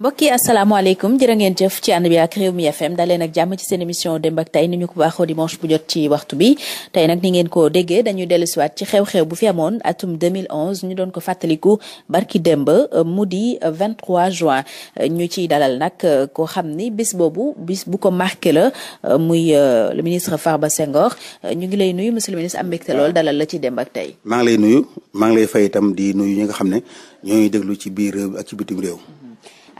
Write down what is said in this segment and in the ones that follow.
mbokk yi asalaamaaleykum jërë ngeen jëf ci ànd bi ak Rewmi FM daleen ak jàmm ci seen émission démb ak tay ñu ko baaxoo dimanche bu jot ci waxtu bi tey nag ni ngeen ko déggee dañuy dellusiwaat ci xew-xew bu fi amoon atum 2011 ñu doon ko fàttaliku barki démb euh, mu di 23 euh, juin euh, ñu ciy dalal nag koo xam ni bis boobu bis bu ko marqué la muy le ministre Farba Senghor ñu ngi lay nuyu monsieur le ministre am dalal la ci démb ak maa ngi lay nuyu maa ngi lay fay itam di nuyu ñi nga xam ne ñooñu déglu ci biir réew ci bitim réew.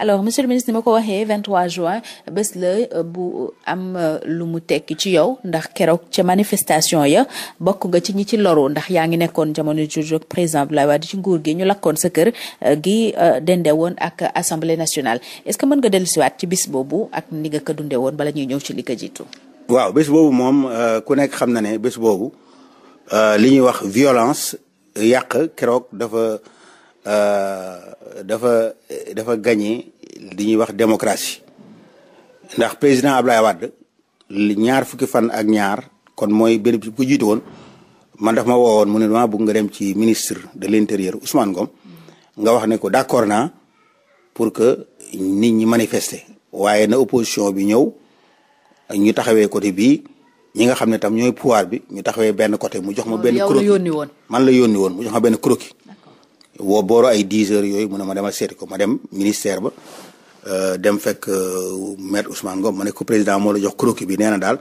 alors monsieur le ministre ni ma ko waxee 23 juin bés la euh, bu am euh, lu mu tekki ci yow ndax keroog ca manifestation ya bokk nga ci ñi ci loru ndax yaa ngi nekkoon jamono jooju ak président Abdoulaye Wade ci nguur gi ñu lakkoon sa kër euh, gi dendee woon ak assemblée nationale est-ce que mën nga dellusiwaat ci bis boobu ak ni nga ko woon bala ñuy ñëw ci li ko jiitu. waaw bés boobu moom ku nekk xam na ne bés boobu li ñuy wax violence yàq keroog dafa. Euh, dafa dafa gagné li ñuy wax démocratie ndax président Ablaye Wade ñaar fukki fan ak ñaar kon mooy benn bi ko woon man daf ma woowoon mu ne maa bëgg nga dem ci ministre de l'intérieur Ousmane Ngom nga wax ne ko d'accord naa pour que ni ñi manifester waaye na opposition bi ñëw ñu taxawee côté bii ñi nga xam ne tam ñooy pouvoir bi ñu taxawee benn côté mu jox ma ah, benn croquis man la yónni woon mu jox ma benn croquis woo booru ay 10 heures yooyu mu ne ma demal seeti ko ma dem ministère ba euh, dem fekk euh, maître Ousmane Ngom ma ne ko président moo la jox croquis bi neena na daal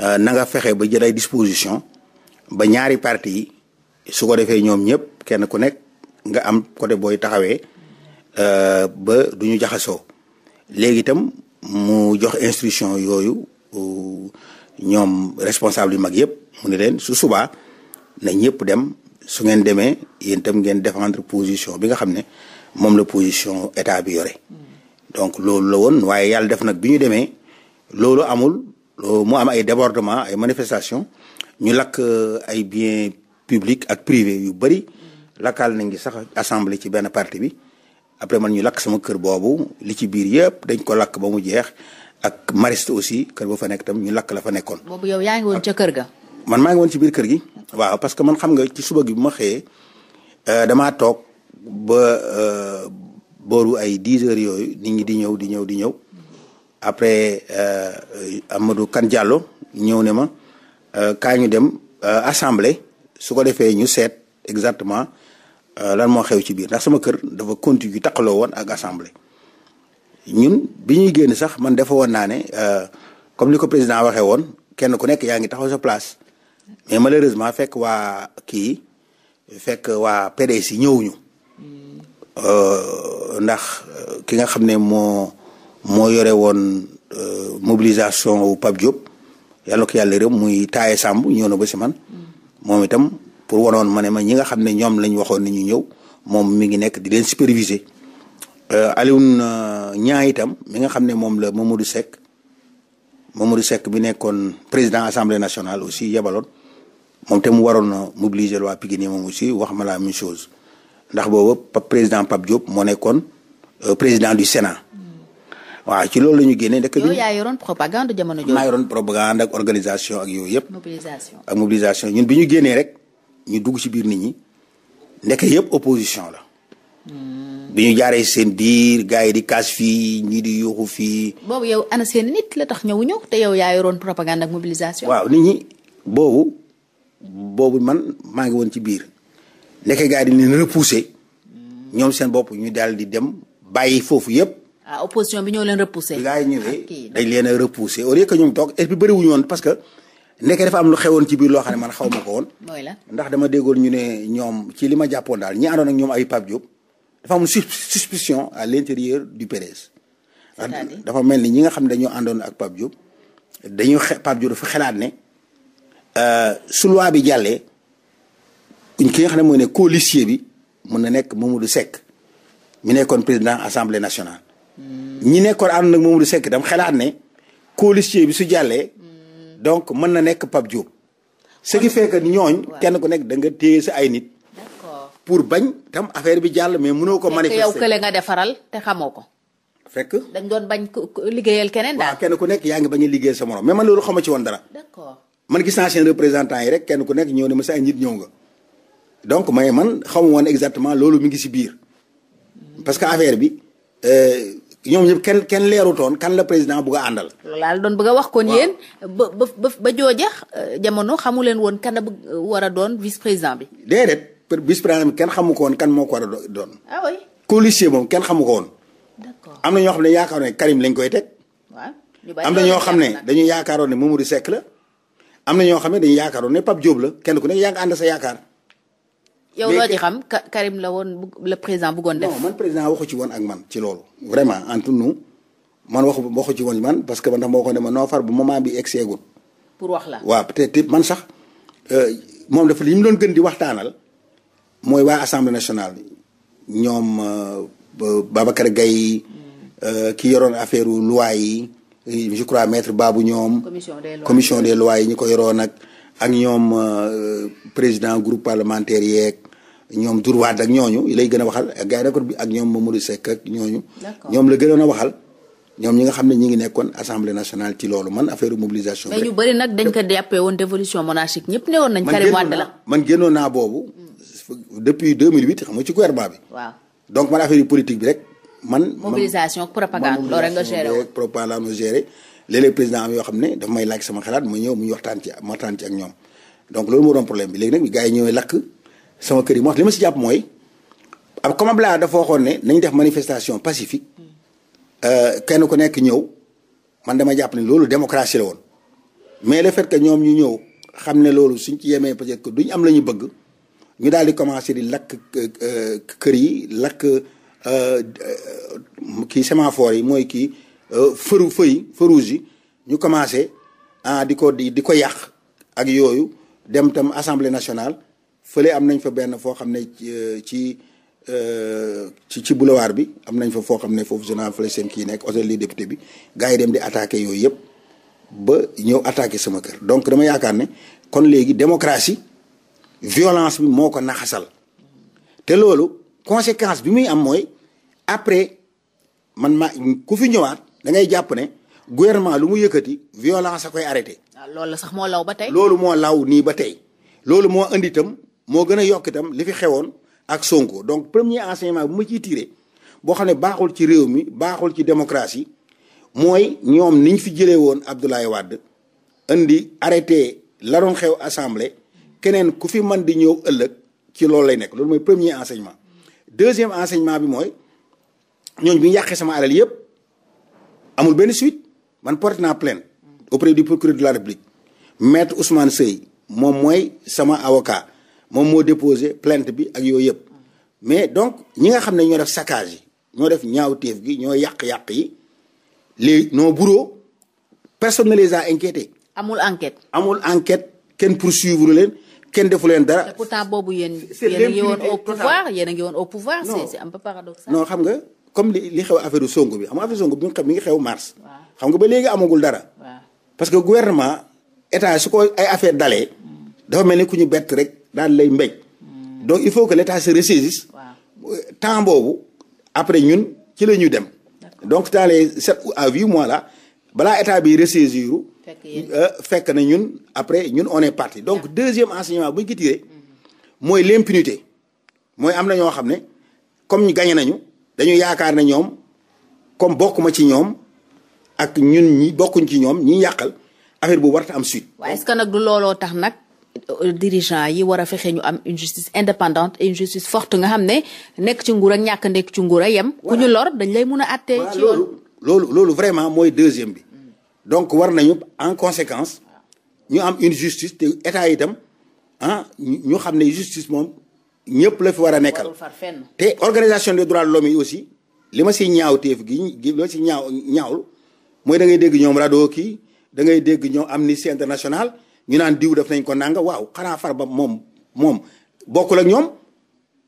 euh, na fexe ba jël disposition ba ñaari parti yi su ko defee ñoom ñëpp kenn ku nekk nga am côté booy taxawee ba du ñu jaxasoo léegi itam mu jox instruction yooyu ñoom responsable yu mag yëpp mu ne leen su subaa na ñëpp dem su ngeen demee yéen tam ngeen défendre position bi nga xam ne moom la position état bi yore donc loolu la woon waaye yàlla def nag bi ñu demee loolu amul mu am ay débordement ay manifestation ñu lakk euh, ay biens publics ak privés yu bëri lakkal nañ ngi sax assemblée ci benn partie bi après man ñu lakk sama kër boobu li ci biir yëpp dañ ko lakk ba mu jeex ak mariste aussi kër ba fa nekk tam ñu lakk la fa nekkoon. boobu yow yaa ngi woon ca kër ga. man maa ngi woon ci biir kër gi. waaw parce que man xam nga ci suba gi bu ma xëyee euh, damaa toog ba euh, booru ay dix heures yooyu ni ngi di ñëw di ñëw di ñëw après euh, Amadou Kan Diallo ñëw ne ma kaa ñu dem assemblée su ko defee ñu seet exactement lan moo xew ci biir ndax sama kër dafa contigu taqaloo woon ak assemblée ñun bi ñuy génn sax man dafa woon naa ne comme li ko président waxee woon kenn ku nekk yaa ngi taxaw sa place. mais malheureusement fekk waa kii fekk waa PDS yi ñëwuñu euh, ndax euh, ki nga xam ne moo moo yore woon euh, mobilisation wu Pape Diop yàlla ko yàlla réew muy taaye Samb ñëw na ba si man moom itam pour wanoon ma ne ma ñi nga xam ne ñoom lañ waxoon ni ñu ñëw moom mi ngi nekk di leen superviser Alioune ñaa itam mi nga xam ne moom la Mamadou Seck Mamadou Seck bi nekkoon président assemblée nationale aussi yebaloon moom te mu waroon a mobiliser waa Pikine moom aussi wax ma la même chose ndax boobu président Pape Diop moo nekkoon euh, président du Sénat. ci loolu la ñu génnee dëkk bi yow yaa yoroon propagande jamono jooju. maa yoroon propagande ak organisation ak yooyu yëpp. mobilisation ak mobilisation ñun bi ñu génnee rek ñu dugg ci biir ni ñi ndeke yëpp opposition la. Hmm. bi ñu jaaree seen diir gars yi di kaas fii ñii di yuuxu fii. boobu yow ana seen nit la tax ñëwuñu te yow yaa yoroon propagande ak mobilisation. waaw ni ñi boobu boobu man maa ngi woon ci biir nekkee gaa yi di leen repousser ñoom seen bopp ñu daal di dem bàyyi foofu yëpp. ah opposition bi ñoo leen repousser. gars yi ñëwee ah, dañ leen a repousser au lieu que ñoom toog et puis bëriwuñu parce que nekkee dafa am lu woon ci biir loo xam ne man xaw ma ko woon. mooy la ndax dama déggoon ñu ne ñoom ci li ma jàppoon daal ñi àndoon ak ñoom ay Pape Diop dafa am suspicion à l'intérieur du PDS. dafa mel ni ñi nga xam ne dañoo àndoon ak Pape Diop dañu xe Pape Diop dafa xalaat ne. Euh, su loi bi jàllee ki nga xam ne mooy ne colistier bi mun na nekk Mamadou Seck mi nekkoon président assemblée nationale. ñi nekkoon ànd nag Mamadou Seck dam xalaat ne colistier bi su jàllee. donc mën na nekk Pape Diop. ce qui fait ñooñ kenn ku nekk da nga téye sa ay nit. pour bañ tam affaire bi jàll mais munoo ko. manifester yow kële nga defaral te xamoo ko. fekk dañ doon bañ liggéeyal keneen daal. waaw ku nekk yaa ngi bañ liggéeyal sa morom mais man loolu xama ci woon dara. d'accord. man gis naa seen représentant yi rek kenn ku nekk ñëw ne ma sa ay nit ñëw nga donc may man xamu woon exactement loolu mu ngi si biir parce que affaire bi euh, ñoom ñëpp kenn kenn leerutoon kan la président bugg a àndal. laa doon bëgg a wax kon yeen ba ba ba jooja euh, jamono xamu leen woon kan la bëgg war a doon vice président bi. déedéet vice président bi kenn xamu ko woon kan moo ko war a doon. ah oui moom kenn xamu ko woon. d'accord am na ñoo xam ne yaakaar ne Karim lañ koy teg. a ñu am na ñoo xam ne dañu yaakaaroon ne Mamadou Seck la. am na ñoo xam ne dañuy yaakaaroon ne Pape Diop kenn ku nekk yaa ngi ànd sa yaakaar. yow loo ci xam Karim la woon le président bëggoon def. non man président waxu ci woon ak man ci loolu. vraiment entre nous man waxu waxu ci woon man parce que man ndax moo ko ne ma noo far bu moment bi egg seegul. pour wax la waa peut être man sax euh, moom dafa li mu doon gën di waxtaanal mooy waa assemblée nationale ñoom euh, Babacar Gaye euh, ki yoroon affaire loi yi. je crois maître Babou ñoom. commission des lois yi ñu ko yoroon nag ak ñoom euh, président groupe parlementaire yeeg ñoom Dourwad ak ñooñu lay gën a waxal ak gars bi ak ñoom Mamadou Seck ak ñooñu. ñoom la gënoon a waxal. ñoom ñi nga xam ne ñi ngi nekkoon assemblée nationale ci loolu man affaire mobilisation. mais ñu bëri nag dañ ko jàppee woon dévolution monarchique ñëpp ne woon nañ. Karim Wade la man génnoon naa boobu. Mm. depuis 2008 xam nga ci gouvernement bi. waaw donc man affaire bi rek. man mobilisation propagande loolu rek nga géré woon propagande ma géré président am yoo xam ne dafa may laaj sama xalaat ma ñëw mu ñu waxtaan ci waxtaan ak ñoom donc loolu moo doon problème bi léegi nag bi gars yi ñëwee lakk sama kër yi moo wax li ma si jàpp mooy ab comme Abdoulaye dafa waxoon ne nañ def manifestation pacifique euh, kenn ku nekk ñëw man dama jàpp ne loolu démocratie la woon mais le fait ñoom ñu ñëw xam ne loolu suñ ci yemee peut-être que am la ñu bëgg ñu daal di commencer di lakk euh, kër yi lakk Euh, kii sémaphore yi mooy kii euh, feu feu yi ñu commencé ah di ko di di ko yàq ak yooyu dem tam assemblée nationale fële am nañ fa benn foo xam ne ci euh, ci ci boulevard bi am nañ fa foo xam ne foofu général fële seen kii nekk hôtel li député bi gars yi dem di attaqué yooyu yëpp ba ñëw attaqué sama donc dama yaakaar ne kon léegi démocratie violence bi moo ko naxasal te loolu conséquence bi muy am mooy après man ma ku fi ñëwaat da ngay jàpp ne gouvernement lu mu yëkkati violence a koy arrêté. Ah, loolu sax moo law ba tey. loolu moo law nii ba tey loolu moo indi itam moo gën a yokk li fi xewoon ak Sonko donc premier enseignement bu ma ciy tiré boo xam ne baaxul ci réew mi baaxul ci démocratie mooy ñoom niñ fi jëlee woon Abdoulaye Wade indi arreté la doon xew assemblée keneen ku fi man di ñëw ëllëg ci loolu lay nekk loolu mooy premier enseignement. deuxième enseignement bi mooy ñooñ bi ñu yàqee sama alal yëpp amul benn suite man porté naa plainte auprès du procureur de la République maître Ousmane Seye moom mooy sama avocat moom moo déposé plainte bi ak yooyu yëpp mais donc ñi nga xam ne ñoo def saccage yi ñoo def ñaawteef gi ñoo yàq-yàq yi les nos bourreaux personne ne les a inquiétés amul enquête amul enquête kenn pour poursuivre leen kenn defu leen dara. te boobu yéen yéen a yéen a ngi woon au pouvoir. non xam nga comme li li xew affaire Sonko bi xam nga affaire Sonko bi mi ngi xew mars. xam nga ba léegi amagul dara. parce que gouvernement état su ko ay affaire dalee. dafa mel ni ku ñu bett rek daal lay mbéj. Hmm. donc il faut que l'état se ressaisisse. temps boobu après ñun ci la ñuy dem. donc dans les sept à mois la balaa état bi ressaisir. Euh, fekk na ñun après ñun on est parti donc deuxième enseignement bu ñu ko tiré mm-hmm. mooy l'impunité mooy am na ñoo xam ne comme ñu gañe nañu dañu yaakaar ne ñoom comme bokkuma ci ñoom ak ñun ñi bokkuñ ci ñoom ñi yàqal affaire bu warta am suite. waaye est-ce que nag du looloo tax nag euh, dirigeant yi war a fexe ñu am une justice indépendante et une justice forte nga xam ne nekk ci nguur ak ñàkk nekk ci nguur a yem. ku ñu lor dañ lay mun a àttee. ci loolu loolu loolu vraiment mooy deuxième bi. donc war nañu en conséquence ñu am une justice te état itam ah ñu xam ne justice moom ñëpp la fi war a nekkal. te organisation des droits de l'homme yi aussi li ma si ñaaw téef gi gi li si ñaaw ñaawul mooy da ngay dégg ñoom rajo kii da ngay dégg ñoom Amnesty International ñu naan diw def nañ ko nanga waaw xanaa Farba moom moom bokkul ak ñoom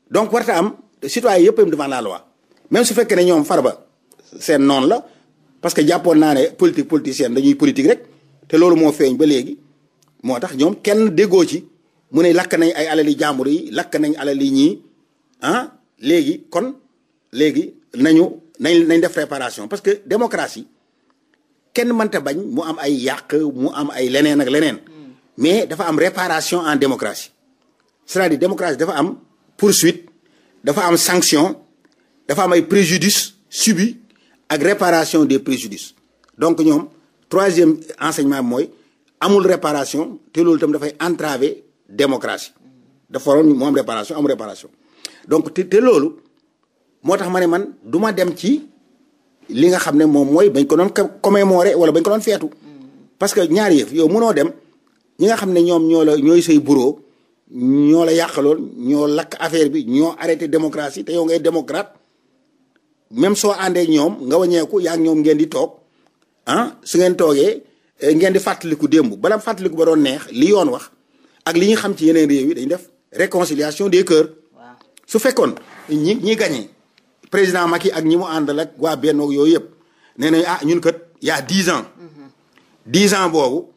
donc warta am citoyen yëpp devant la loi même su fekkee ne ñoom far ba seen noonu la. parce que jàppoon naa ne politique politicienne dañuy politique rek te loolu moo feeñ ba léegi moo tax ñoom kenn déggoo ci mu ne lakk nañ ay alali jàmbur yi lakk nañ alali ñii ah léegi kon léegi nañu nañ nañ def réparation parce que démocratie kenn mënta bañ mu am ay yàq mu am ay leneen ak leneen mm. mais dafa am réparation en démocratie c'est-à-dire démocratie dafa am pour poursuite dafa am sanction dafa am ay préjudice subi ak réparation des préjudices donc ñoom troisième enseignement mooy amul réparation te loolu itam dafay entraver démocratie dafa waroon mu am réparation amul donc te loolu moo tax ma ne man duma dem ci li nga xam ne moom mooy bañ ko noon doon commémorer wala bañ ko doon feetu parce que ñaar yëf yow mënoo dem ñi nga xam ne ñoom ñoo la ñooy say bureau ñoo la yàqaloon ñoo lakk affaire bi ñoo arrêté démocratie te yow ngay démocrate même soo àndee ñoom nga wañeeku yaa ñoom ngeen di toog ah su ngeen toogee eh, ngeen di fàttaliku démb bala fàttaliku ba doon neex li yoon wax ak li ñu xam ci yeneen réew yi dañu def réconciliation des cœurs. su fekkoon ñi ñi gagné président Macky ak ñi mu àndal ak waa Benno yooyu yëpp nee nañu ah ñun kat y a dix ans. Mm-hmm. dix ans boobu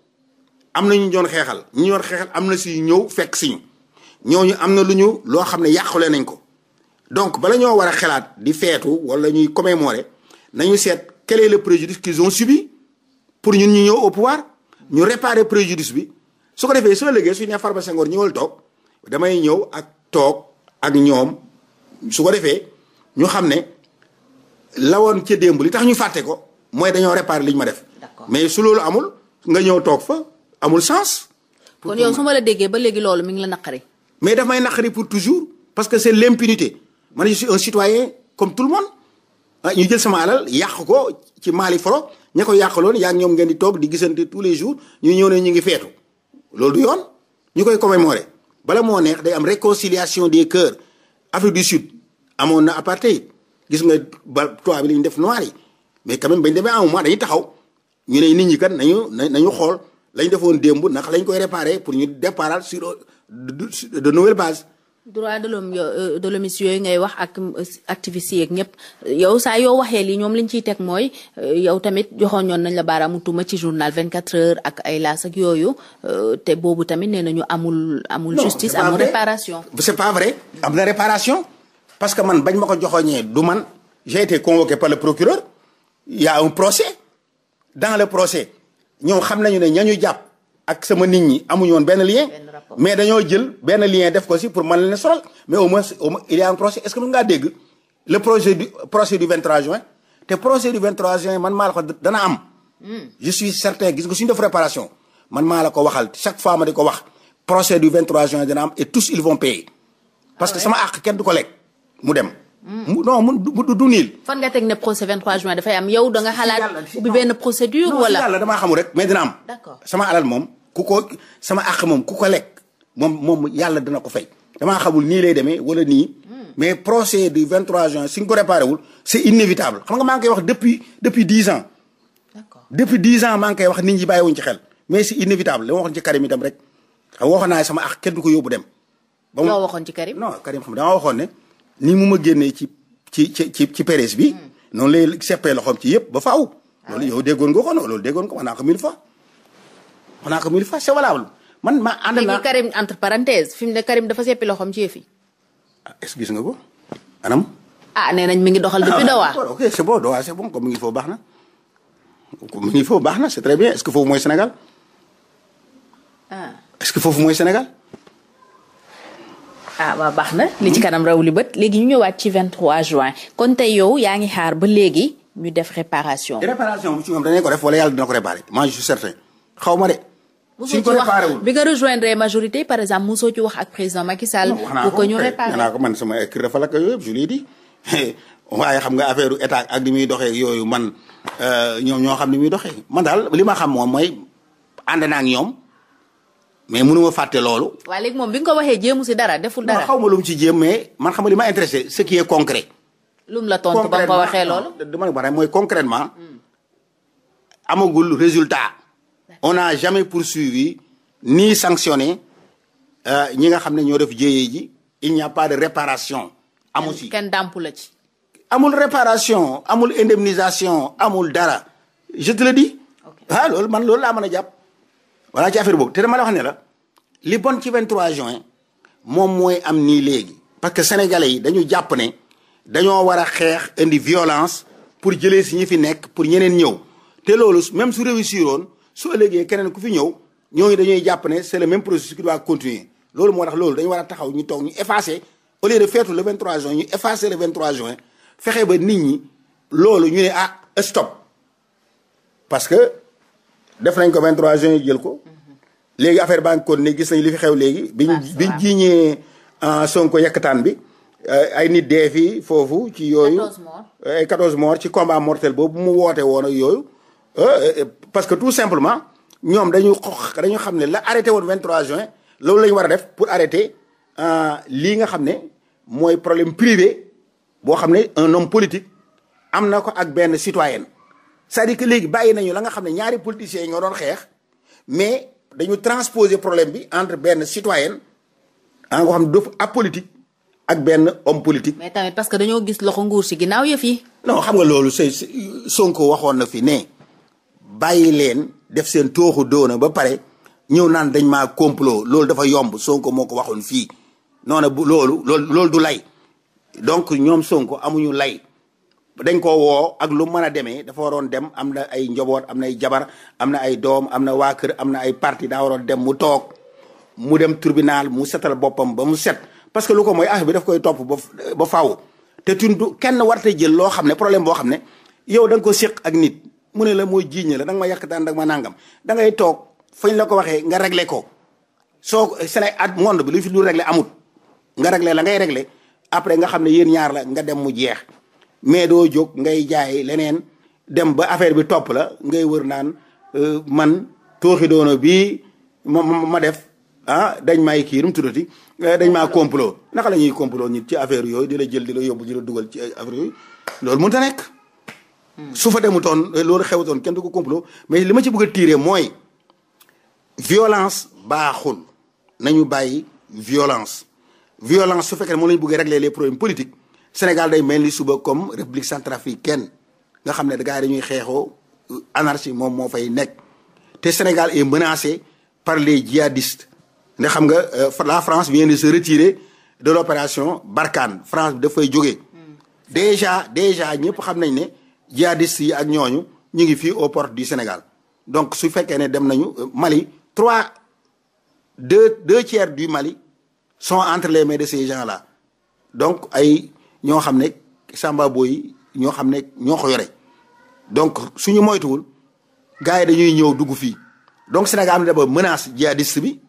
am na ñu doon xeexal ñu doon xeexal am na si ñëw fekk si ñu ñooñu am na lu ñu loo xam ne yàqule nañ ko. donc bala ñoo war a xalaat di feetu wala ñuy commémorer nañu seet quel est le qui qu'ils ont subi pour ñun ñu ñëw au pouvoir ñu réparer préjudice bi su ko defee soo lëggee suñu ne Farba Senghor ñëwal toog damay ñëw ak toog ak ñoom su ko defee ñu xam ne lawoon ca démb li tax ñu fàtte ko mooy dañoo réparer li ñu ma def. mais su loolu amul nga ñëw toog fa amul sens. kon yow su la déggee ba léegi loolu mi ngi la naqari. mais daf may naqari pour toujours parce que c'est l'impunité. man je suis un citoyen comme tout le monde ah, ñu jël sama alal yàq ko ci maali foro ña ko yàqaloon yaa ngi ñoom ngeen di toog di gisante tous les jours ñu ñëw ne ñu ngi feetu loolu du yoon ñu koy commémorer bala moo neex day am réconciliation des cœurs Afrique du Sud amoon na apartheid gis nga ba toit bi li ñu def noir yi mais quand bañ demee à un moment dañuy taxaw ñu ne nit ñi kat nañu nañu xool lañ defoon démb ndax lañ koy réparer pour ñu déparal sur de nouvelles bases droit de l'homme euh, de l'homme yooyu ngay wax ak euh, activistes yeeg ñëpp yow saa yoo waxee lii ñoom lañ ciy teg mooy euh, yow tamit joxoon ñoon nañ la baaraamu tuuma ci journal 24 heures ak ay laas ak yooyu te boobu tamit nee ñu amul amul justice amul réparation c'est pas vrai am na réparation parce que man bañ ma ko joxoñee du man j'ai été convoqué par le procureur il y procès dans le procès ñoom xam nañu ne ñañu jàpp ak sama nit ñi amuñu woon benn lien. mais dañoo jël benn lien def ko si pour mën leen soral mais au moins au moins il y un procès est-ce que mën ngaa dégg le projet du procès du 23 juin te procès du 23 juin man maa la ko dana am. Hmm. je suis certain gis nga suñu def réparation man maa la ko waxal chaque fois ma di ko wax procès du 23 juin dana am et tous ils vont payer. parce ah que sama àq kenn du ko lekk mu dem. mu non mun du du niil. fan nga teg ne procès 23 juin dafay am yow da nga xalaat. ubbi benn procédure wala. yàlla damaa xamul rek mais am. d'accord sama alal moom ku ko sama àq moom ku ko lekk moom moom yàlla dana ko fay. damaa xamul nii lay demee wala nii. Hmm. mais procès du 23 juin si nga ko réparé wul c'est inévitable xam nga maa ngi koy wax depuis depuis 10 ans. depuis 10 ans maa ngi koy wax nit ñi bàyyiwuñ ci xel mais c'est inévitable li ma waxoon ci Karim itam rek xam waxoon naa sama àq kenn du ko yóbbu dem. ba mu waxoon ci Karim non Karim dama waxoon ne. ni mu ma génnee ci ci ci ci ci bi hmm. noonu lay seppee loxoom ci yëpp ba faaw ah loolu yow déggoon nga ko non loolu déggoon ko wax naa ko mille fois wax naa ko mille fois c'est valable man ma ànd naa Karim entre parenthèse fi mu ne Karim dafa seppi loxoom ci yëf yi ah est gis nga ko anam ah nee mi ngi doxal depuis ah, Doha ok c'est bon Doha c'est bon mi ngi foofu baax na mi ngi foofu baax na c'est très bien est-ce que foofu mooy senegal ah. ah waaw baax na li ci kanam raw li bët léegi ñu ñëwaat ci 23 juin kon tey yow yaa ngi xaar ba léegi ñu def réparation. réparation bu ci xam dañu ko def ko réparer moi ma de. suñ ko réparé wul bi nga rejoindre majorité par exemple mosoo ci wax ak président Macky Sall. bu ko ñu réparé xanaa ko man sama kër dafa lakk yooyu yëpp je l'ai dit waaye xam nga affaire état ak ni muy doxee yooyu man euh, ñoom ñoo xam ni muy doxee man daal li ma xam moom mooy ànd naa ak ñoom. mais mënu ma loolu. waaye léegi moom bi nga ko waxee jéemu si dara deful dara. xaw ma lu mu ci jéem mais man xam nga li ma intéressé ce qui est concret. lu mu la tontu ba nga ko waxee loolu. dama ne ma mooy concrètement. Hmm. amagul résultat. on n'a jamais poursuivi ni sanctionné euh, ñi nga xam ne ñoo def jéyee ji il n'y a pas de réparation. kenn dàmpu la ci. amul réparation amul indemnisation amul dara je te le dis. ah loolu man loolu laa mën a jàpp. voilà ci affaire boobu te dama la wax ne la li bon ci 23 juin moom mooy am ni léegi. parce que sénégalais yi dañu jàpp ne dañoo war a xeex indi violence pour jëlee si ñi fi nekk pour ñeneen ñëw te loolu même su réussir woon su ëllëgee keneen ku fi ñëw ñooñu dañuy jàpp ne c'est le même processus qui doit continuer loolu moo tax loolu dañu war a taxaw ñu toog ñu effacer au lieu feetu le 23 juin ñu effacer le 23 juin fexe ba nit ñi loolu ñu ne ah stop def nañ ko 23 juin jël ko. léegi affaire baa ngi kon ne gis nañ li fi xew léegi. biñ biñ jiiñee ah, Sonko yekkataan bi. Eh, ay nit dee fii foofu ci yooyu. 14 eh, morts ci combat mortel boobu mu woote woon ak yooyu. Eh, parce que tout simplement ñoom dañu xox dañu xam ne la arrêté woon 23 juin loolu la ñu war a def pour arrêter lii nga xam ne mooy problème privé boo xam ne un homme politique am na ko ak benn citoyenne. c'est-à-dire que léegi bàyyi nañu la nga xam ne ñaari politiciens yi doon xeex mais dañu transposer problème bi entre benn citoyen a ah, nga xam ne dafa apolitique ak benn homme politique. parce que dañoo gis loxo nguur si ginaaw yëf yi. non xam nga loolu say Sonko waxoon na fi ne bàyyi leen def seen tooxu doona ba pare ñëw naan dañ maa complot loolu dafa yomb Sonko moo ko waxoon fii noonu bu loolu loolu du lay donc ñoom Sonko amuñu lay dañ koo woo ak lu mën a demee dafa waroon dem am na ay njaboot am na ay jabar am na ay doom am na waa kër am na ay parti daa waroon dem mu toog mu dem tribunal mu setal boppam ba mu set parce que lu ko mooy affaire bi daf koy topp ba ba faaw te tundu kenn warte jël loo xam ne problème boo xam ne yow da ko séq ak nit mu ne la mooy jiiñ la da nga yàq daan da ma nangam da toog fañ la ko waxee nga réglé ko soo sene at monde bi lu fi dul réglé amut nga réglé la ngay regle après nga xam ne yéen ñaar la nga dem mu jeex mais doo jóg ngay jaay leneen dem ba affaire bi topp la ngay wër naan euh, man tooxi doono bii ma ma def ah dañ may kii nu mu euh, dañ maa complot naka la ñuy complot nit ci affaire yooyu di la jël di la yóbbu di dugal ci affaire loolu mun ta nekk. Hmm. su fa demutoon euh, loolu xewutoon kenn du ko complot mais li ma ci bëgg tiire mooy violence baaxul nañu bàyyi violence. violence su fekkee moom la ñu bëggee régler les problèmes politique Sénégal day mel ni suba comme république centrafricaine nga xam ne gars yi ñuy xeexoo anarchie moom moo fay nekk te Sénégal est menacé par les djihadistes ne xam nga euh, la France vient de se retirer de l' opération Barkhane France bi dafay jógee mm. déjà déjà ñëpp xam nañ ne djihadistes yi ak ñooñu ñu ngi fi au portes du Sénégal donc su fekkee ne dem nañu euh, Mali trois deux deux tiers du Mali son entre les mains de ces gens donc ay ñoo xam ne samba boy ñoo xam ne ñoo ko yore donc suñu moytuwul gars yi dañuy ñëw dugg fii donc Sénégal am na d'abord menace djihadiste bi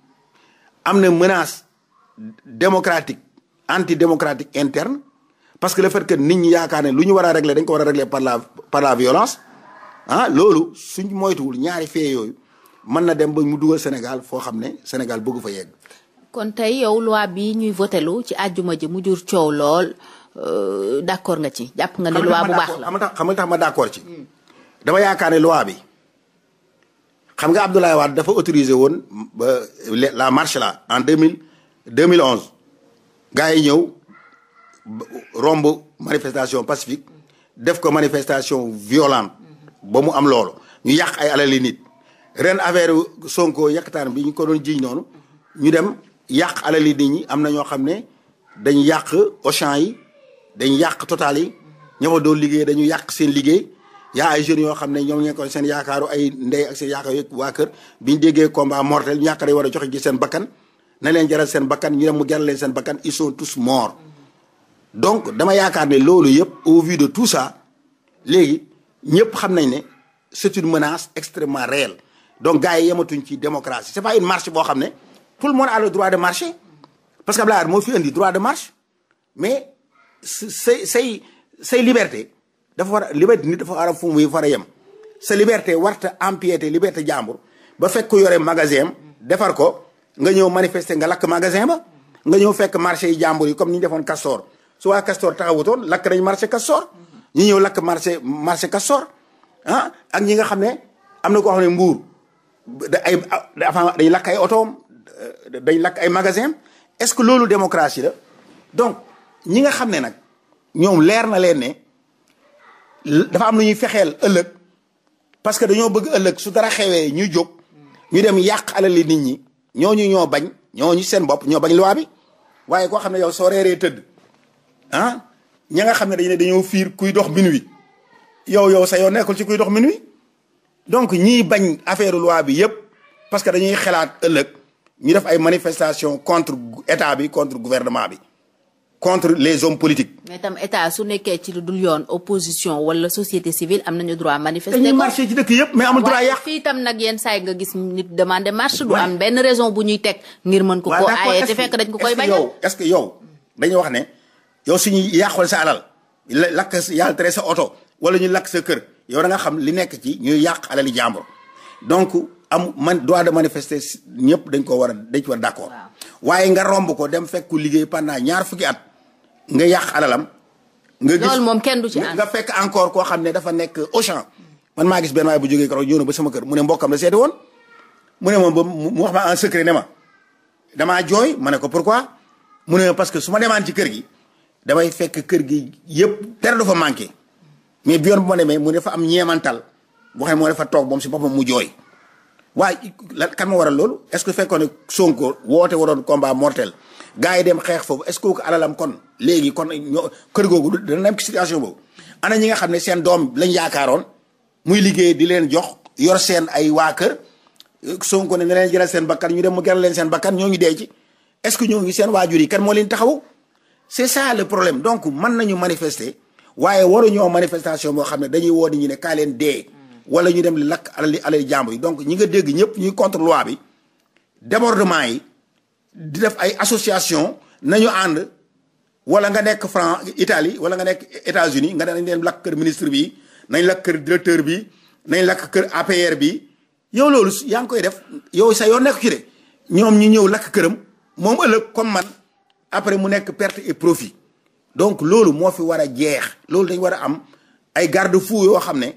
am na menace démocratique anti démocratique interne parce que le fait que nit ñu yaakaar ne lu ñu war a régler dañ ko war a par la par violence ah loolu suñ moytuwul ñaari fee yooyu mën na dem ba mu dugal Sénégal foo xam ne Sénégal buggu fa yegg. kon tey yow loi bi ñuy votelu ci àjjuma ji mu coow lool. Euh, d' accord nga ci jàpp nga ne xam nga tax ma d' accord ci. dama yaakaar ne loi bi nga Abdoulaye dafa autorisé woon ba la marche la en deux mille deux mille onze. gars yi ñëw romb manifestation pacifique def ko manifestation violente ba mu am loolu ñu yàq ay alali nit ren affaire Sonko yàqtaan bi ñu ko doon jiiñ noonu ñu dem yàq alali ñi am na ñoo xam ne dañ yàq Auchan yi. dañ yàq total yi ña fa doon liggéey dañu yàq seen liggéey yaa ay jeunes yoo xam ne ñoom ñoo seen yaakaaru ay ndey ak seen yaakaar yeeg waa kër biñ déggee combat mortel ñu yaakaar war a joxe ci seen bakkan na leen jaral seen bakkan ñu dem mu jaral leen seen bakkan ils sont tous morts donc dama yaakaar ne loolu yëpp au vie de tout ça léegi ñëpp xam nañ ne c'est une menace extrêmement réelle donc gars yi yematuñ ci démocratie c'est pas une marche boo xam ne tout le monde a le droit de marcher parce que Abdoulaye Wade moo fi indi de marche mais say say say liberté dafa war a liberté nit dafa war a fu muy far a yem sa liberté warta empiété liberté jàmbur ba fekk ko yore magasin defar ko nga ñëw manifester nga lakk magasin ba nga ñëw fekk marché yi jàmbur yi comme ni ñu defoon Castor su waa Castor taxawutoon lakk nañ marché Castor ñu ñëw lakk marché marché Castor ah ak ñi nga xam ne am na ko xam ne mbuur ay avant dañ lakk ay otoom dañ lakk ay magasin est-ce que loolu démocratie la ñi nga xam ne nag ñoom leer na leen ne dafa am lu ñuy fexeel ëllëg parce que dañoo bëgg ëllëg su dara xewee ñu jóg ñu dem yàq alali nit ñi ñooñu ñoo bañ ñooñu seen bopp ñoo bañ loi bi waaye koo xam ne yow soo reeree tëdd ah ña nga xam ne dañu ne fiir kuy dox minuit yow yow sa yow nekkul ci kuy dox minuit donc ñiy bañ affaire loi bi yëpp parce que dañuy xalaat ëllëg ñu def ay manifestation contre état bi contre gouvernement bi contre les hommes politiques. mais tam état su nekkee ci lu dul yoon opposition wala société civile am nañu droit manifester. dañuy marché ci dëkk yëpp mais amul droit yàq. fii tam nag nit demande marche. du am benn raison bu ñuy teg ngir mën ko koo aaye te ko koy bañ yow est-ce que wax ne yow suñu yàqoon sa alal lakk yàlla tere sa oto wala ñu lakk sa kër yow da nga xam li nekk ci ñuy yàq alali jàmbur donc am man droit de manifester ñëpp dañ ko war a dañ ko war a d'accord waaye nga romb ko dem fekku liggéey pendant ñaar fukki at nga yàq alalam. nga gis loolu kenn du ci nga fekk encore koo xam ne dafa nekk Auchan. man maa gis benn waay bu jógee keroog ñëw na ba sama kër mu ne mbokkam la seeti woon mu ne moom ba mu wax ma en secret ne ma damaa jooy ma ne ko pourquoi mu ne parce que su ma demaan ci kër gi damay fekk kër gi yëpp dara du fa manqué mais bi ma demee mu ne fa am ñeemantal boo xam ne moo dafa toog moom si boppam mu jooy waaye lan kan ma waral loolu est ce que fekkoon ne Sonko woote waroon combat mortel gars yi dem xeex foofu est-ce que kooku alalam kon léegi kon ñoo kër googu dana dem ci situation boobu ana ñi nga xam ne seen doom lañ yaakaaroon muy liggéey di leen jox yor seen ay waa kër Sonko ne na leen jëral seen bakkan ñu dem mu jëral leen seen bakkan ñoo ngi dee ci est-ce que ñoo ngi seen waajur yi kan moo leen taxaw c'est ça le problème donc mën nañu manifester waaye waruñoo manifestation boo xam ne dañuy woo nit ñi ne kaa leen dee wala ñu dem li lakk alali alali jàmbur yi donc ñi nga dégg ñëpp ñuy contre loi bi débordement yi di def ay association nañu ànd wala nga nekk France Italie wala nga nekk États-Unis nga dem nañ leen lakk kër ministre bi nañ lakk kër directeur bi nañ lakk kër APR bi yow loolu yaa ngi koy def yow sa yoo nekk ci de ñoom ñu ñëw lakk këram moom ëllëg comme man après mu nekk perte et profit donc loolu moo fi war a jeex loolu dañ war a am ay garde-fou yoo xam ne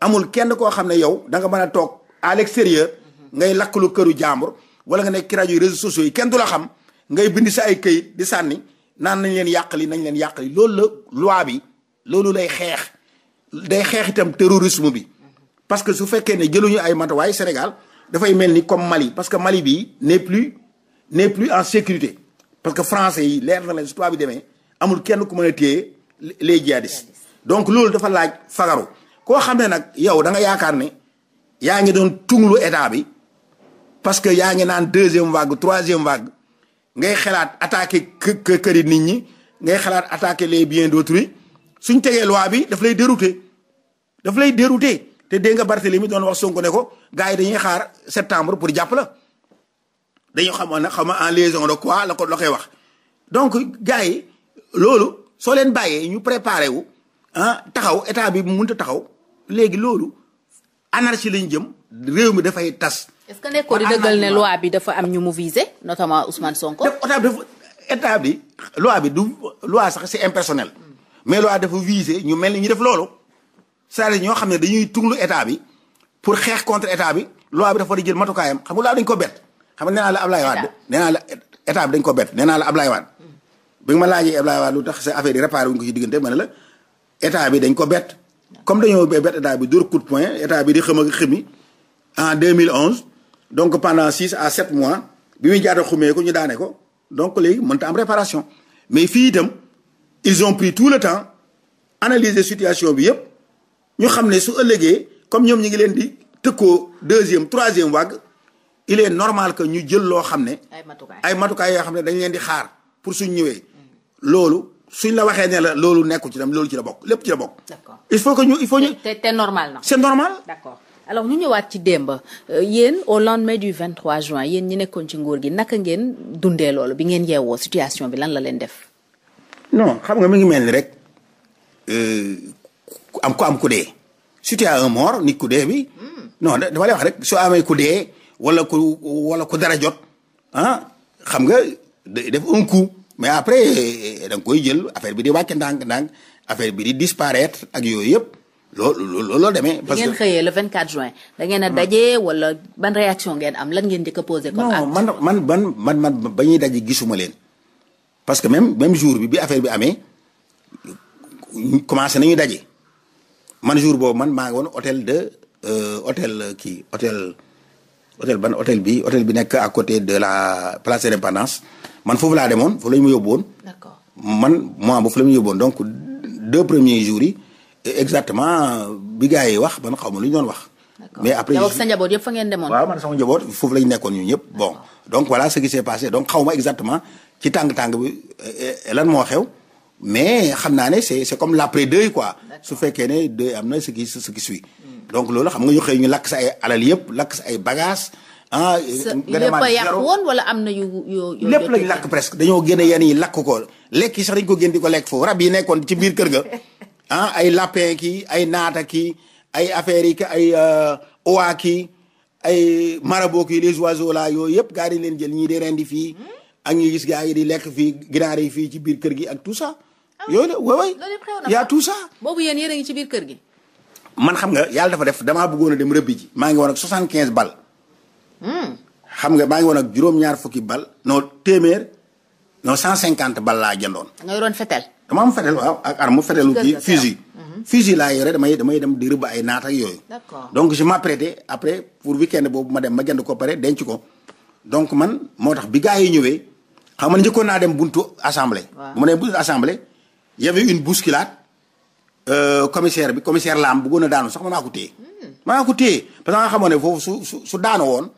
amul kenn koo xam ne yow da nga mën a toog à ngay lakk lu këru jàmbur wala nga nekk ci rajo yi sociaux yi kenn du la xam ngay bind sa ay këyit di sànni naan nañ leen yàqali nañ leen yàqali loolu la loi bi loolu lay xeex day xeex itam terrorisme bi parce que su fekkee ne jëluñu ay matuwaay Sénégal dafay mel ni comme Mali parce que Mali bii n'est plus n'est plus en sécurité parce que français yi leer na leen su tubaab bi demee amul kenn ku mën a téye les djihadistes donc loolu dafa laaj fagaru koo xam ne nag yow da nga yaakaar ne yaa ngi doon tunglu état bi parce que yaa ngi naan deuxième vague troisième vague ngay xalaat attaquer kë këri nit ñi ngay xalaat attaquer les biens d'autrui suñ tegee loi bi daf lay dérouter daf lay dérouter te dégg nga Barthélemy doon wax Sonko ne ko gars yi dañuy xaar septembre pour jàpp la dañu xamoon nag xam en liaison de quoi la ko la koy wax. donc gars yi loolu soo leen bàyyee ñu préparé wu ah taxaw état bi mu mënta taxaw léegi loolu anarchie lañ jëm réew mi dafay tas. est-ce que nekkoon di dëggal ne loi bi dafa am ñu mu visé notamment Ousmane Sonko. état bi loi bi dafa visé ñu mel ni ñu def loolu cest ñoo xam ne dañuy tunglu état bi pour xeex contre état bi loi bi dafa war a jël matukaayam xam nga loi dañu la Ablaye état bi dañu ko bett nee naa la Ablaye bi nga ma laajee Ablaye ko ci diggante ma ne la état bi dañ ko bett comme dañoo bett état bi dóor coup de poing état bi di xëm ak en donc pendant six à sept mois bi muy jaata xumee ko ñu daane ko donc léegi mënta am réparation mais fii itam ils ont pris tout le temps analyser situation bi yëpp ñu xam ne su ëllëgee comme ñoom ñu ngi leen di tëkkoo deuxième troisième vague il est normal que ñu jël loo xam ne. ay matukaay yoo xam ne dañ leen di xaar pour suñ ñëwee. loolu suñ la waxee ne la loolu nekkul ci tam loolu ci la bokk lépp ci la bokk. il faut que ñu il faut ñu. te normal na c'est normal. alors ñu ñëwaat ci démb euh, yéen au lendemain du 23 juin yéen ñi nekkoon ci nguur gi naka ngeen dundee loolu bi ngeen yeewoo situation bi lan la leen def. non xam nga mi ngi mel ni rek euh, am ko am ku dee. si tu as un mort ku dee bi. Hmm. no dafa wax rek soo amee ku dee wala ku wala ku dara jot ah xam nga def un coup mais après da nga koy jël affaire bi di wàcc ndànk ndànk affaire bi di disparaitre ak yooyu yëpp. loolu loolu la demee. parce que ngeen xëyee le 24 juin. da ngeen a daje wala ban réaction ngeen am lan ngeen njëkk a posé. comme man man man man man ba ñuy daje gisuma leen. parce que même même jour bi bi affaire bi amee commencé nañu daje man jour boobu man maa ngi woon hôtel de euh, hôtel kii hôtel hôtel ban hôtel bi hôtel bi nekk à côté de la place de l'Indépendance man foofu laa demoon foofu la ñu ma yóbbu man mois bu foofu la ñu donc deux premiers jours yi. exactement bi gars yi wax man xaw ma lu ñu doon wax. mais après yow ak sa njaboot yëpp fa ngeen demoon. waaw man foofu lañ nekkoon ñun ñëpp bon donc voilà ce qui s'est passé donc xaw exactement ci tàng-tàng bi eh, eh, lan moo xew mais xam naa ne c'est c'est comme l'après deuil quoi su fekkee ne deuil am na ce qui ce qui donc loolu xam nga ñu xëy ñu lakk sa ay alal yëpp lakk sa ay bagages. ah nga demaat a yàq woon wala am na yu yu lépp lañ lakk presque dañoo génne yenn yi lakk ko lekk yi sax dañ ko lekk foofu rab yi nekkoon ci biir kër ga. Ah, ay lapin ki ay naata ki ay affaire yi ay euh, oa ki ay marabo ki les oiseaux là yooyu yëpp gars leen jël ñii di rendi fii hmm? a ñuy gis gars yi di lekk fii ginaar yi fii ci biir kër gi ak tout ça. Ah yooyu la waaw waay yaa tout ça. yéen yéen a ngi ci biir kër gi. man xam nga yàlla dafa def damaa bëggoon a dem rëbbi maa ngi woon ak 75 bal. Hmm. xam nga maa ngi woon ak juróom-ñaar fukki ball non téeméer non 150 bal laa jëndoon. nga yoroon fetel. dama am fetel waaw ak arme fetelu kii mhm. fusil laa yore damay dem di rëbb ay naat ak yooyu donc je m'apprêtais après pour week boobu ma dem ma jënd ko pare denc ko donc man moo tax bi gaa yi ñëwee xam man njëkkoon naa dem buntu assemblée bu ma dem buntu assemblée y avait une bousculade euh, commissaire bi commissaire Lam bëggoon a daanu sax man maa ko téye man hmm. maa ko parce que nga ne foofu su su su woon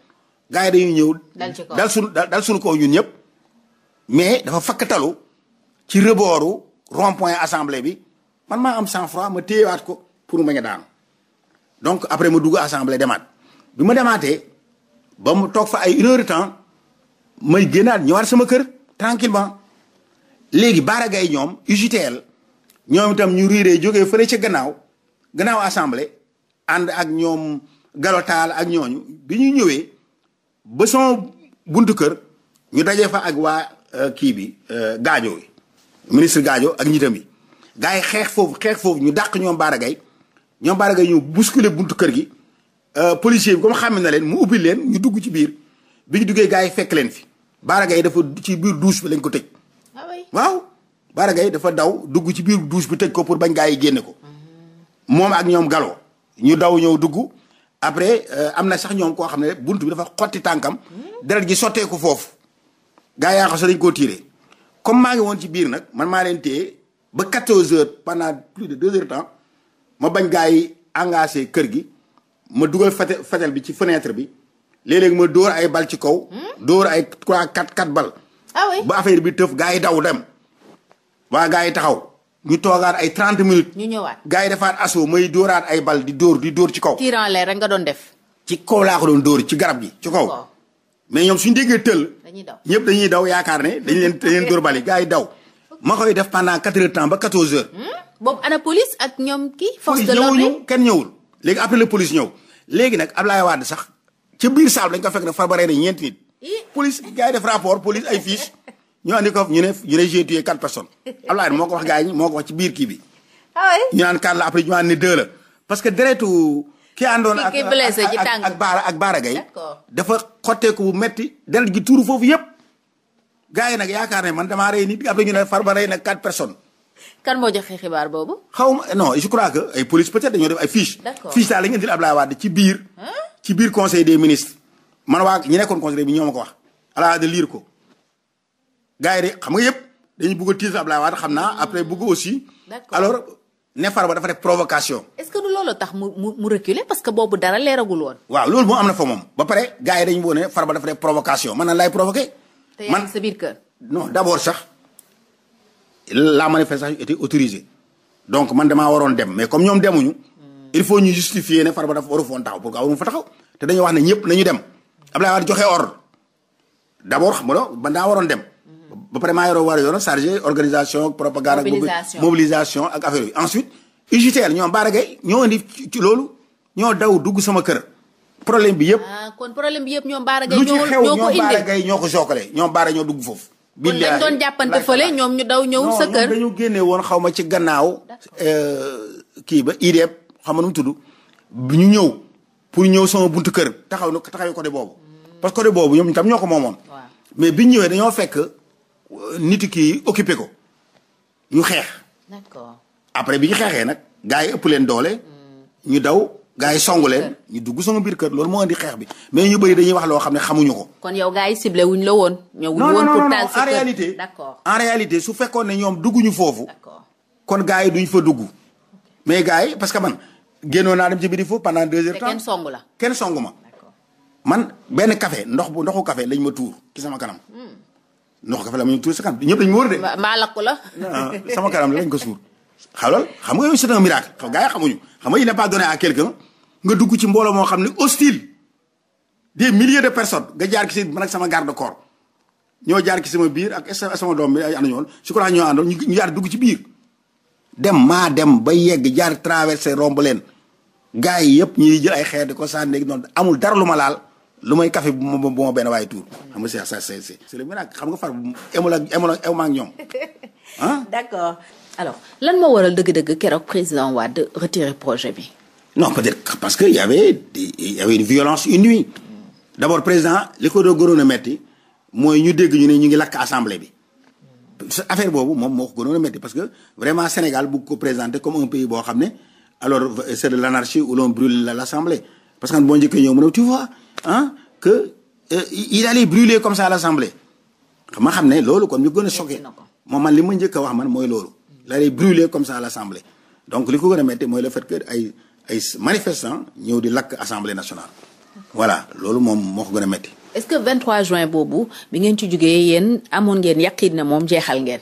gars yi dañuy ñëw dal suñu dal suñu kaw ñun ñëpp mais dafa fakkatalu ci rebooru rond point assemblée bi man maa am sans froid ma téyewaat ko pour ma ñu donc après ma dugg assemblée demaat bi ma demaate ba mu toog fa ay une heure temps may génnaat ñëwaat sama kër tranquillement léegi baaragay ñoom UJTL ñoom itam ñu riiree jógee fële ci gannaaw gannaaw assemblée ànd ak ñoom galotaal ak ñooñu bi ñu ñëwee ba son buntu kër ñu dajee fa ak waa euh, kii bi euh, gaajoo yi ministre Gadio ak ñitam yi gars yi xeex foofu xeex foofu ñu dàq ñoom Baara Gaye ñoom Baara Gaye ñu bousculer buntu kër gi euh, policier bi comme xam na leen mu ubbil leen ñu dugg ci biir bi ñu duggee gars yi fekk leen fi Baara Gaye dafa ci biir douche bi lañ ko tëj. Ah waaw Baara dafa daw dugg ci biir douche bi tëj ko pour bañ gaa yi génne ko. moom ak ñoom Gallo ñu daw ñëw dugg après euh, am na sax ñoom koo xam ne bunt bi dafa xotti tànkam. Hmm. deret gi ko foofu. gars yaa ko sax dañ koo tiire comme maa ngi woon ci biir nag man maa leen téye ba 14 heures pendant plus de 2 heures temps ma bañ gars yi engagé kër gi ma dugal fete fetel bi ci fenêtre bi léeg-léeg ma door ay bal ci kaw. door ay 3 4 4 bal. ah oui bi tëf yi daw dem. waa gars taxaw ñu toogaat ay 30 minutes. ñu ñëwaat gars yi defaat assaut may dóoraat ay bal di door di dóor ci kaw. tir en rek nga doon def. ci kaw laa ko doon dóor ci garab gi ci kaw. mais ñoom suñu déggee tël. dañuy daw ñëpp dañuy daw yaakaar ne dañ leen dañ leen dóor bali gars daw. ma koy def pendant 4 heures hmm? boobu ana police ak ñoom kii. force de l'ordre ñëwuñu police ñëw léegi nag Ablaye Wade sax ca biir saal dañ ko fekk ne farbaree na ñeenti nit. police gars def rapport police ay fiches ñu andi ko ñu ne ñu ne j'ai moo ko wax gars yi moo ko wax ci biir kii bi. Ah ñu naan la après ñu naan ne 2 parce que deretu ki àndoon ak ak baara ak gay dafa xotteeku bu metti del gi tuuru foofu yëpp gars yi nag yaakaar ne man damaa rey nit après ñu ne Farba rey nag quatre personnes kan moo joxe xibaar boobu xawma non je crois que ay police peut-être dañoo def ay fiche fiche daal la ñu indil Abdoulaye Wade ci biir ci biir conseil des ministres man waa ñi nekkoon conseil bi ñoo ma ko wax ala de lire ko gars yi de xam nga yëpp dañu bëgg a tiital Abdoulaye Wade xam naa après bëgg aussi alors ne ba dafa def provocation. est-ce que du loolu tax mu mu mu reculer parce que boobu dara leeragul woon. waaw loolu moom am na fa moom ba pare gars yi dañu woon ne Farba dafa def provocation man nan laay provoqué. man sa biir kër. non sax la manifestation était autorisée donc man damaa waroon dem mais comme ñoom demuñu. il faut ñu justifier ne Farba dafa waru foon taxaw pourquoi waru fa taxaw te dañuy wax ne ñëpp nañu dem Abdoulaye Wade joxe ordre d'abord xam nga man daa waroon dem. ba pare maa yoroo war yoroon chargé organisation propagande ak mobilisation ak affaire yi ensuite UJTL ñoom Bara ñoo loolu ñoo daw dugg sama kër problème bi yëpp ah, kon problème yëpp ñoom Bara Gaye lu ci xew ñoom Bara ñoo ko jokkale ñoom Bara ñoo dugg foofu kon dañ doon jàppante fële ñoom ñu daw ñëw sa kër dañu génne woon xaw ma ci gannaaw euh, kii ba IDEP xam nu mu tudd ñu ñëw pour ñëw sama buntu kër taxaw na taxaw côté boobu hmm. parce que côté boobu ñoom tam ñoo ko moomoon mais bi ñëwee dañoo fekk nit ki occupé ko ñu xeex. d'accord après bi ñu xeexee nag gars yi ëpp leen doole. ñu daw gars yi songu leen. ñu dugg sama biir kër loolu moo indi xeex bi mais ñu bëri dañuy wax loo xam ne xamuñu ko. kon yow gars yi ciblé wuñ la woon. ñëwuñ woon pour taal su fekkoon ne ñoom dugguñu foofu. kon gars yi duñ fa dugg. mais gars yi parce que man génnoon naa dem ci biir foofu pendant deux heures de kenn songu la kenn songu ma. man benn kafe ndox bu ndoxu café lañ ma tuur ci sama kanam. Hmm. nox ko fa la mu ñu tuur ma wër de. maa lakk ko suur. xalal xam nga yow c'est un miracle xam gars yi xam nga il n'est pas donné à quelqu'un nga dugg ci mbooloo moo xam ne hostile des milliers de personnes nga jaar ci man ak sama garde ñoo jaar sama biir ak sama doom mi ay ànd ñoon su ko ñoo àndoon ñu jaar dugg ci biir. dem maa dem ba yegg jaar traversé romb leen gaa yi yëpp ñuy jël ay xeer ko ko sànni noonu amul dara lu ma laal lu may café bu ma bu ma benn waaye tuur xam nga c'est ça c'est c'est le far émul ak émul ak émul ak ñoom lan moo waral dëgg-dëgg keroog président Wade retirer projet bi. no peut parce que y avait il y avait une violence une d'abord président li ko doon gënoon a metti mooy ñu dégg ñu ne ñu ngi lakk assemblée bi. affaire boobu moom moo ko gënoon a parce que vraiment Sénégal bugg ko présenter comme un pays boo xam ne alors c'est de l'anarchie où l'on brûle l'assemblée parce que boo njëkkee ñëw mu ah que euh, il allait comme ça à l'assemblée xam ne loolu kon ñu gën a choqué moom man li ma njëkk a wax man mooy loolu il allait brûler comme ça à donc li ko gën a metti mooy le fait que ay ay manifestants ñëw di lakk assemblée nationale voilà loolu moom moo ko gën a metti est-ce que 23 juin boobu bi ngeen ci jógee yéen amoon ngeen yàqin na moom jeexal ngeen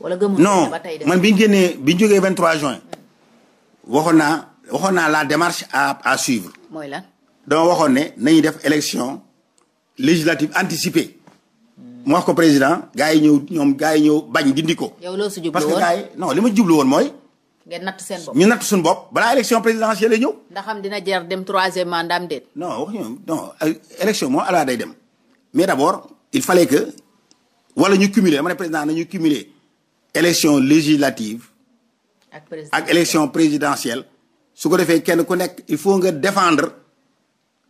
wala gëmul non man bi ñu bi ñu jógee 23 juin hmm. waxoon naa waxoon naa la démarche à à suivre mooy lan dama waxoon ne nañu def élection législative anticipée. mu wax ko président gars yi ñëw ñoom gars yi ñëw bañ dindi ko. yow loo parce que gars yi non li ma jublu woon mooy. ngeen natt seen bopp ñu natt suñu bopp balaa élection présidentielle yi ñëw. ndaxam dina jar dem troisième mandat am déet. non wax ñu non élection moom alaa day dem mais d' abord il fallait que wala ñu cumuler dama ne président nañu cumuler élection législative. ak élection présidentielle su ko defee kenn ku nekk il faut nga défendre.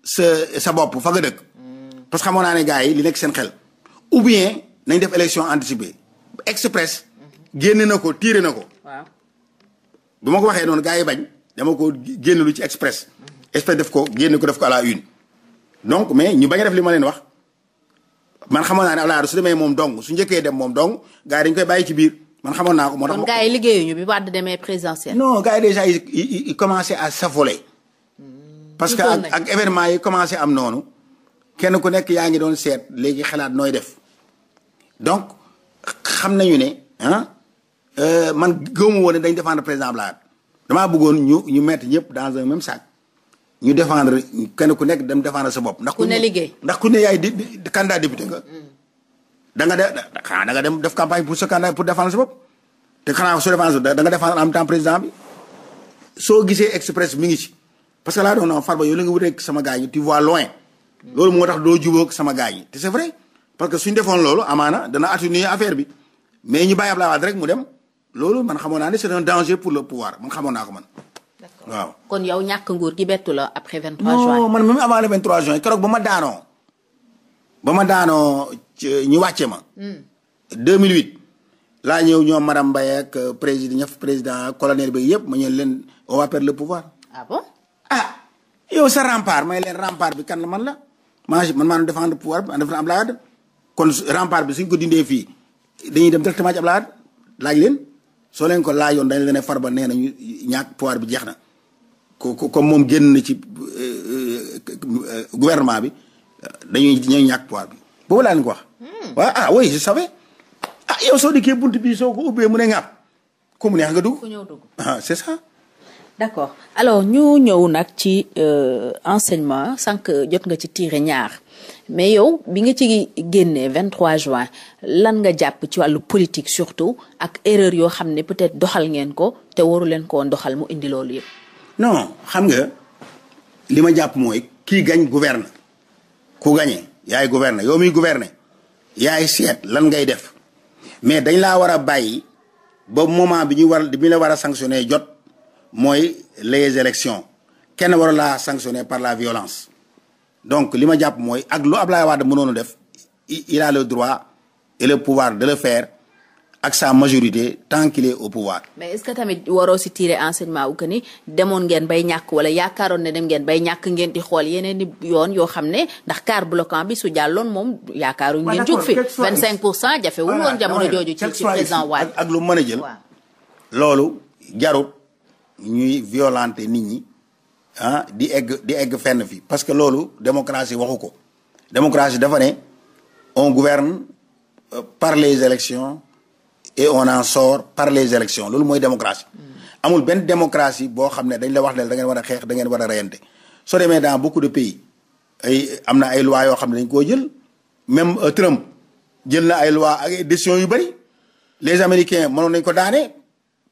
sa sa bopp fa nga dëkk. parce que xamoon naa ne gars yi li nekk seen xel. ou bien nañ def élection anticipée. express. génne na ko tiire na ko. waaw bu ma ko waxee noonu gars yi bañ dama ko génne lu ci express. express def ko génne ko def ko à une. donc mais ñu bañ a def li ma leen wax man xamoon naa ne Abdoulaye su demee moom dong su njëkkee dem moom dong gars yi dañ koy bàyyi ci biir man xamoon naa ko. moo tax i gars yi liggéeyuñu bi demee présidentielle. non commencé à s'affoler. parce que ak ak événement yi commencé am noonu kenn ku nekk yaa ngi doon seet léegi xalaat nooy def donc xam nañu ne ah euh, man gëmu woon ne dañ défendre président Blade damaa bëggoon ñu ñu mettre ñëpp dans un même sac ñu défendre kenn ku nekk dem défendre sa bopp. ndax ku ne liggéey ndax ku ne yaay di di candidat député nga. Mm. da nga de xanaa nga dem def campagne pour sa candidat pour défendre sa bopp te xanaa su défendre da nga défendre en temps président soo gisee express mi ngi ci. parce que laa doon farba yow la nga wuteeg sama gars yi tu loin. loolu moo tax doo jubóog sama gars yi te c'est vrai parce que suñ defoon loolu amaana dana atténuer affaire bi mais ñu bàyyi Abdoulaye Wade rek mu dem loolu man xamoon naa ne c'est un danger pour le pouvoir man xamoon naa ko man. d'accord waaw. kon yow ñàkk nguur gi bettu la après 23 juin. non man même avant le 23 juin keroog ba ma daanoo ba ma daanoo ñu wàcce ma. 2008 hmm. laa ñëw ñoo madame Mbaye ak euh, président ñaf président colonel bi yëpp ma ñëw leen on va perdre le ah yow sa rempart may leen rempart bi kan la man la man man maa doon défendre pouvoir bi ma def na Abdoulaye Wade kon rempart bi suñ ko dindee fii dañuy dem directement ci Abdoulaye Wade laaj leen soo leen ko laajoon dañ leen farba nee nañu ñàkk pouvoir bi jeex na ko comme moom génn na ci euh, gouvernement bi dañuy dañuy ñàkk pouvoir bi boobu laa leen ko wax. Hmm. waaw ah oui je savais ah yow soo dikkee bunt bi soo ko ubbee mu ne ŋàpp ku mu neex nga dugg. ku ñëw dugg ah c'est ça. d'accord alors ñu ñëw nag ci euh, enseignement sànq jot nga ci tiire ñaar mais yow bi nga ci génnee 23 juin lan nga jàpp ci wàllu politique surtout ak erreur yoo xam ne peut-être doxal ngeen ko te waru leen ko woon doxal mu indi loolu yëpp. non xam nga li ma jàpp mooy kii gañ gouverne ku gañee yaay gouverne yow miy gouverne yaay seet lan ngay def mais dañ laa war a bàyyi ba moment bi ñu war bi la war a sanctionné jot. mooy les élections kenn war laa sanctionner par la violence donc li ma jàpp mooy ak lu Ablaye Wade mënoon def il a le droit et le pouvoir de le faire ak sa majorité tant qu'il est au pouvoir. mais est-ce que tamit waroo si tirer enseignement wu que ni demoon ngeen bay ñàkk wala yaakaaroon ne dem ngeen bay ñàkk ngeen di xool yeneen i yoon yoo xam ne ndax car bloquant bi su jàlloon moom yaakaaruñ ngeen jug fi 25 pour cent jafewul woon jamono jooju. ci ci président Wade ak lu mën a jël. loolu jarut. ñuy violenter nit ñi ah di egg di egg fenn fi parce que loolu démocratie waxu ko démocratie dafa ne on gouverne euh, par les élections et on en sort par les élections loolu mooy démocratie mm. amul benn démocratie boo xam ne dañ la wax leen da ngeen war a xeex da ngeen war a reyante soo demee dans beaucoup de pays ay am na ay lois yoo xam ne dañ koo jël même euh, Trump jël na ay loi ak décisions yu bëri les Américains mënoon nañ ko daane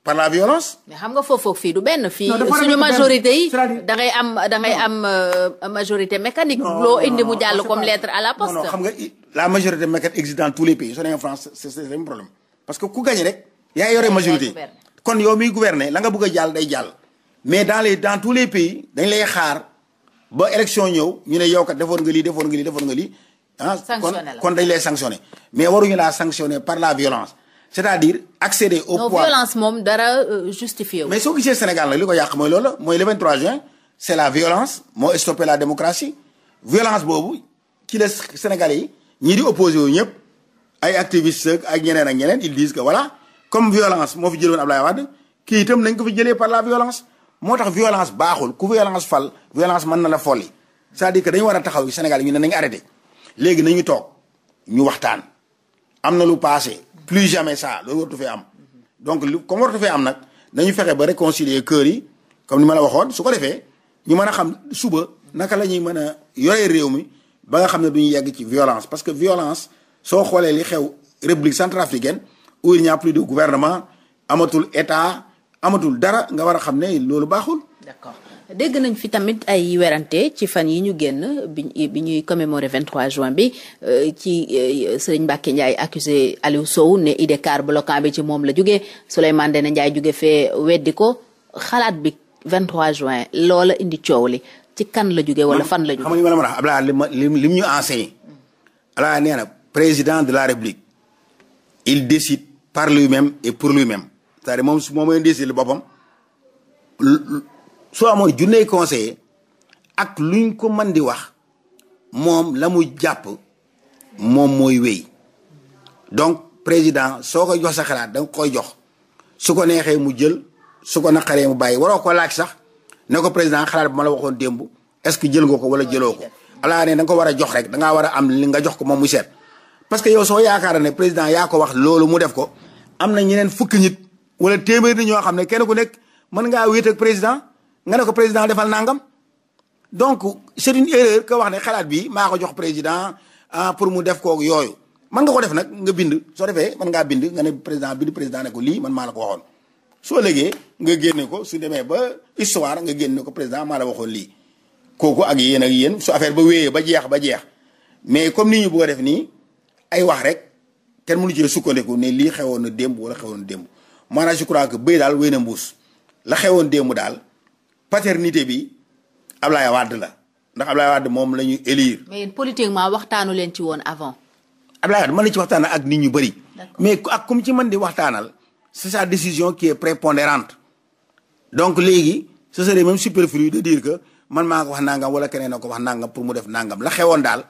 par la violence. mais xam nga foofu fii du benn. fii suñu majorité yi da ngay am da ngay am euh, majorité mécanique. loo indi mu jàll comme lettre à la poste. xam nga la majorité mécanique existe dans tous les pays soo demee France c' est le que ku gañe rek. yaa yore majorité kon yow miy gouverner la nga bëgg jàll day jàll. mais dans les dans tous les pays dañ lay xaar ba élection ñëw ñu ne yow kat defoon nga lii defoon nga lii defoon nga lii. Ah, kon dañ lay sanctionné mais waruñu laa sanctionné par la violence. c'est-à-dire accéder au pouvoir moom dara euh, justifié mais soo gisee Sénégal nag li ko yàq mooy loolu mooy le 23 juin c'est la violence moo stoppé la démocratie violence boobu ci la Sénégalais yi ñii di opposé wu ñëpp ay activistes ak ñeneen ak ñeneen ils disent que voilà comme violence moo fi jëloon Ablaye Wade ki itam nañ ko fi jëlee par la violence moo tax violence baaxul ku violence fal violence mën na la folli c'est-à-dire que dañu war a taxaw Sénégal ñu ne nañu arrêté léegi nañu toog ñu waxtaan am na lu passé plus jamais ça loolu wartu fee am donc lu comme wartu fee am nag nañu fexe ba réconcilier kër yi comme ni ma la waxoon su ko defee ñu mën a xam suba naka la ñuy mën a yoree réew mi ba nga xam ne du ñu yegg ci violence parce que violence soo xoolee li xew république centrafricaine où il n'y a plus de gouvernement amatul état amatul dara nga war a xam ne loolu baaxul. d'accord. dégg nañ fi tamit ay werante ci fan yi ñu génn bi bi ñuy commémorer 23 juin bi euh, ci euh, Serigne Mbacké Ndiaye accusé Aliou Sow ne IDCAR bloquant bi ci moom la jógee Souleymane ne Ndiaye juge fee weddi ko xalaat bi 23 juin loola indi coow li ci kan la jógee wala fan la jógee. li lim ñu enseigné. Abdoulaye nee na président de la République. il décide par lui-même et pour lui-même. à moom su moom mooy décide soo amoon junney conseiller ak luñ ko mën di wax moom la mu jàpp moom mooy wéy donc président soo ko jox sa xalaat da nga koy jox su ko neexee mu jël su ko naqaree mu bàyyi waroo ko laaj sax ne ko président xalaat bi ma la waxoon démb est-ce que jël nga ko wala jëloo ko alaa ne nga ko war a jox rek da war a li nga jox ko moom mu seet parce que yow soo yaakaar ne président yaa ko wax loolu mu def ko am na ñeneen fukki nit wala téeméer ni ñoo xam ne kenn ku nekk mën ngaa wéet président nga ne ko président defal nangam donc c' est une wax ne xalaat bi maa ko jox président ah, pour mu def koog yooyu mën nga ko def nag nga bind soo defee mën ngaa bind nga ne président bind président ne ko lii man maa ko waxoon soo légee nga génne ko su demee ba histoire nga génne ko président maa la waxoon lii kooku ak yen ak yéen su affaire ba wéyee ba jeex ba jeex mais comme ni ñu bëgg a def nii ay wax rek kenn mënu ci sukkandiku ne lii xewoon na démb wala xewoon démb maanaam crois que béy daal wéy na mbuus la xewoon démb daal paternité bi Ablaye Wade la ndax Ablaye Wade moom la ñuy élire. mais yéen waxtaanu leen ci woon avant. Ablaye Wade man la ci waxtaanal ak nit ñu bëri. mais ak kum ci man di waxtaanal c'est sa décision qui est prépondérante. donc léegi ce serait même superflu de dire que man maa ko wax nangam wala keneen a ko wax nangam pour mu def nangam la xewoon daal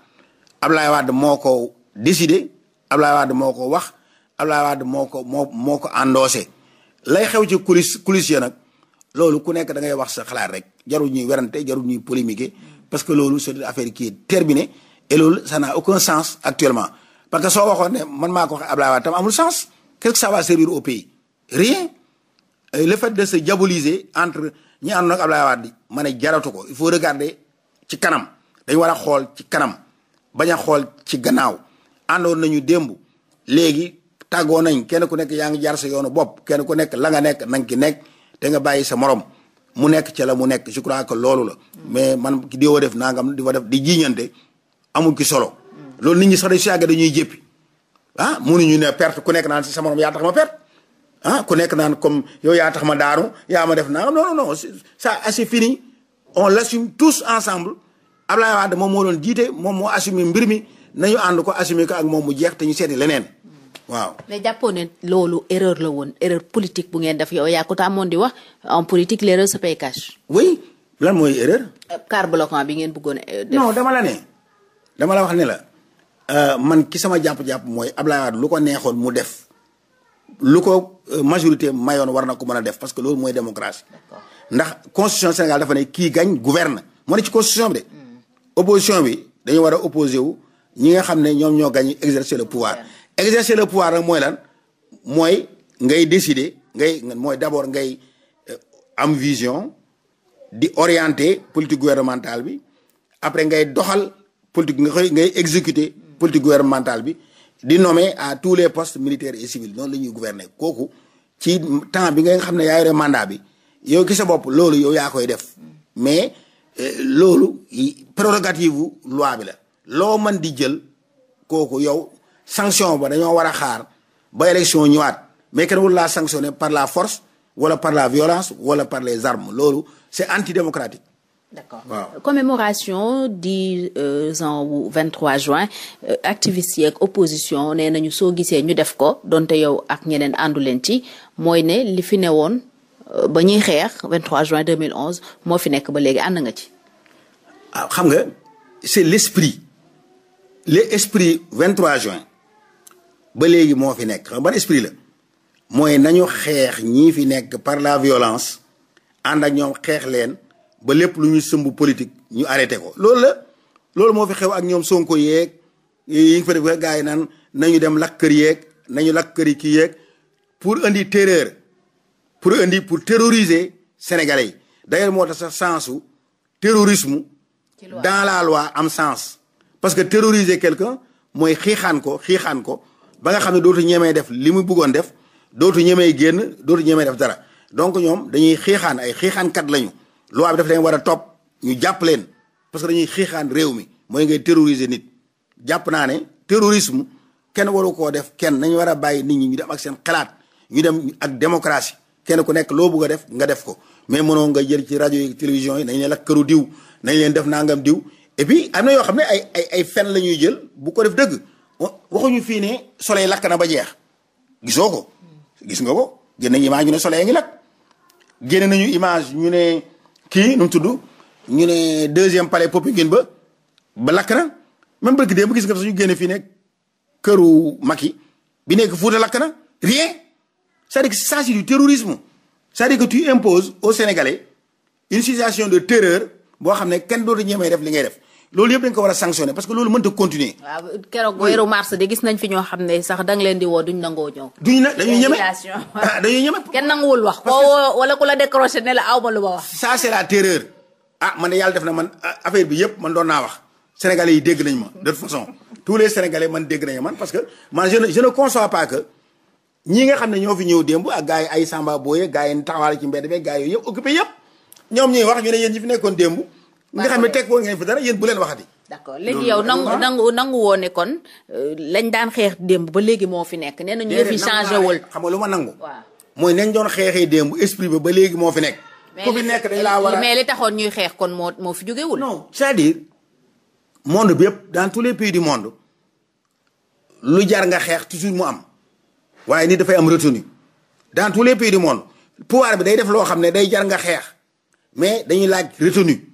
Ablaye Wade moo ko décidé Ablaye Wade moo ko wax Ablaye Wade moo ko moo moo ko endossé lay xew ci coulisse coulisse ya nag. loolu ku nekk da ngay wax sa xalaat rek jarul ñuy werante jarul ñuy polémiquer parce que loolu c'est une affaire qui est terminée et loolu ça n'a aucun sens actuellement parce que soo waxoon ne man maa ko wax Abdoulaye Wade tam amul sens qu'est-ce que ça va servir au pays rien et le de sa diaboliser entre ñi àndoon ak Abdoulaye Wade ma ne jaratu ko il faut regarder ci kanam dañ war a xool ci kanam bañ xool ci gannaaw àndoon ñu démb léegi tàggoo nañ kenn ku nekk yaa ngi jaar sa yoonu bopp kenn ku nekk la nga nekk na ki nekk te nga bàyyi sa moroom mu nekk ca la mu nekk je crois que loolu la mais man di wa def nangam di wa def di jiiñante amul ki solo loolu nit ñi sax da si yàgg dañuy jéppi ah mënuñu ne perte ku nekk naan si sa morom yaa tax ma perte ah ku nekk naan comme yow yaa tax ma daaru yaa ma def naa non non non ça c'est fini on l'assume tous ensemble Ablaye Wade moom moo doon jiite moom moo assumé mbir mi nañu ànd ko assumé ko ak moom mu jeex te ñu seeti leneen waaw mais jàppoo ne loolu erreur la woon erreur politique bu ngeen def yow yaa ko tàmmoon di wax en politique l'erreur se paye cash. oui lan mooy erreur. Euh, car bloquant bi ngeen bëggoon a euh, def. dama la ne dama la wax ne la euh, man ki sama jàpp-jàpp mooy Ablaye lu ko neexoon mu def lu ko majorité mayoon war na ko mën a def parce que loolu mooy démocratie. ndax constitution Sénégal dafa ne kii gañ gouverne moo ne ci constitution bi de. Hmm. opposition bi dañu war a opposé wu ñi nga xam ne ñoom ñoo gañ exercer le pouvoir. exercer le pouvoir nag mooy lan mooy ngay décider ngay mooy d'abord ngay euh, am vision di orienter politique gouvernementale bi après ngay doxal politique nga koy ngay exécuter politique gouvernementale bi di nommer à tous les postes militaires et civils noonu la ñuy gouverner kooku ci temps bi nga xam ne yaa yore mandat bi yow ki sa bopp loolu yow yaa koy def mais euh, loolu prérogative loi bi la loo man di jël kooku yow sanction ba dañoo war a xaar ba élection ñëwaat mais kenn wul laa par la force wala par la violence wala par les armes loolu c'est antidémocratique d'accord waaw commémoration dix euh, ans wu 23 juin euh, activistes yeeg opposition nee nañu soo gisee ñu def ko donte yow ak ñeneen àndu leen ci mooy ne li fi ne woon euh, ba ñuy xeex 23 juin 2011 moo fi nekk ba léegi ànd nga ci. ah xam nga c'est l'esprit l'esprit 23 juin. ba léegi moo fi nekk xam ban esprit la mooy nañu xeex ñii fi nekk par la violence ànd ak ñoom xeex leen ba lépp lu ñu sëmb politique ñu arrêté ko loolu la loolu moo fi xew ak ñoom sonko yeeg yi ngi fa def gars yi naan nañu dem lakk kër yeeg nañu lakk kër yi ki yeeg pour indi terreur pour indi pour terroriser sénégalais yi moo tax sax sensu terrorisme dans la loi am sens parce que terroriser quelqu'un mooy xiixaan ko xiixaan ko ba nga xam ne dootu ñemee def li mu bëggoon def dootu ñemee génn dootu ñemee def dara donc ñoom dañuy xiixaan ay xiixaankat lañu loi bi daf leen war a topp ñu jàpp leen parce que dañuy xiixaan réew mi mooy ngay terroriser nit jàpp naa ne terrorisme kenn waru koo def kenn nañu war a bàyyi nit ñi ñu dem ak seen xalaat ñu dem ak démocratie kenn ku nekk loo bëgg a def nga def ko mais mënoo nga jël ci rajo yi télévision yi nañ leen lakk këru diw nañ leen def nangam diw et puis yoo xam ne ay ay ay fen la ñuy jël bu ko def dëgg waxuñu fii ne soleil lakk na ba jeex gisoo ko gis nga ko génn nañu image ñu ne soleil ngi lakk génn nañu image ñu ne kii nu tudd ñu ne deuxième palais Popenguine ba ba lakk na même barki démb gis nga suñu génne fii ne këru Macky bi nekk Fuuta lakk na rien c'est-à-dire que ça c'est du terrorisme c'est-à-dire tu imposes aux Sénégalais une situation de terreur boo xam ne kenn dootu ñemee def li ngay def loolu yëpp dañ ko war a sanctionné parce que loolu mënta continuer. waaw keroog weeru mars de gis nañ fi ñoo xam ne sax da leen di woo duñ nangoo ñëw. duñ na dañuy ñeme ah, dañuy ñeme. Ah, de yàlla def na man ah, affaire bi yëpp man doon naa wax sénégalais yi dégg nañ ma de toute façon tous les sénégalais man dégg nañ man parce que man je ne je ne conçois pas nga xam ne ñoo fi ñëw démb ak gars ay Samba Boye gars yi a ci mbedd mi gars yooyu yëpp occupé yëpp ñoom ñuy wax ñu ne yéen nekkoon démb nga xam ne teg woon ngeen fi dara yéen bu leen waxati. d'accord léegi yow nangu nangu nangu woo ne kon euh, lañ daan xeex démb ba léegi moo fi nekk nee nañu yëf yi xam nga lu ma nangu. waaw mooy nañ doon xeexee démb esprit ba léegi moo fi nekk. ku fi nekk dañ laa war a mais taxoon ñuy xeex kon moo moo fi jógewul. non c'est-à-dire monde bi yëpp dans tous les pays du monde lu jar nga xeex toujours mu am waaye ni dafay am retenu dans tous les pays du monde pouvoir bi day def loo xam ne day jar nga xeex mais dañuy laaj retenu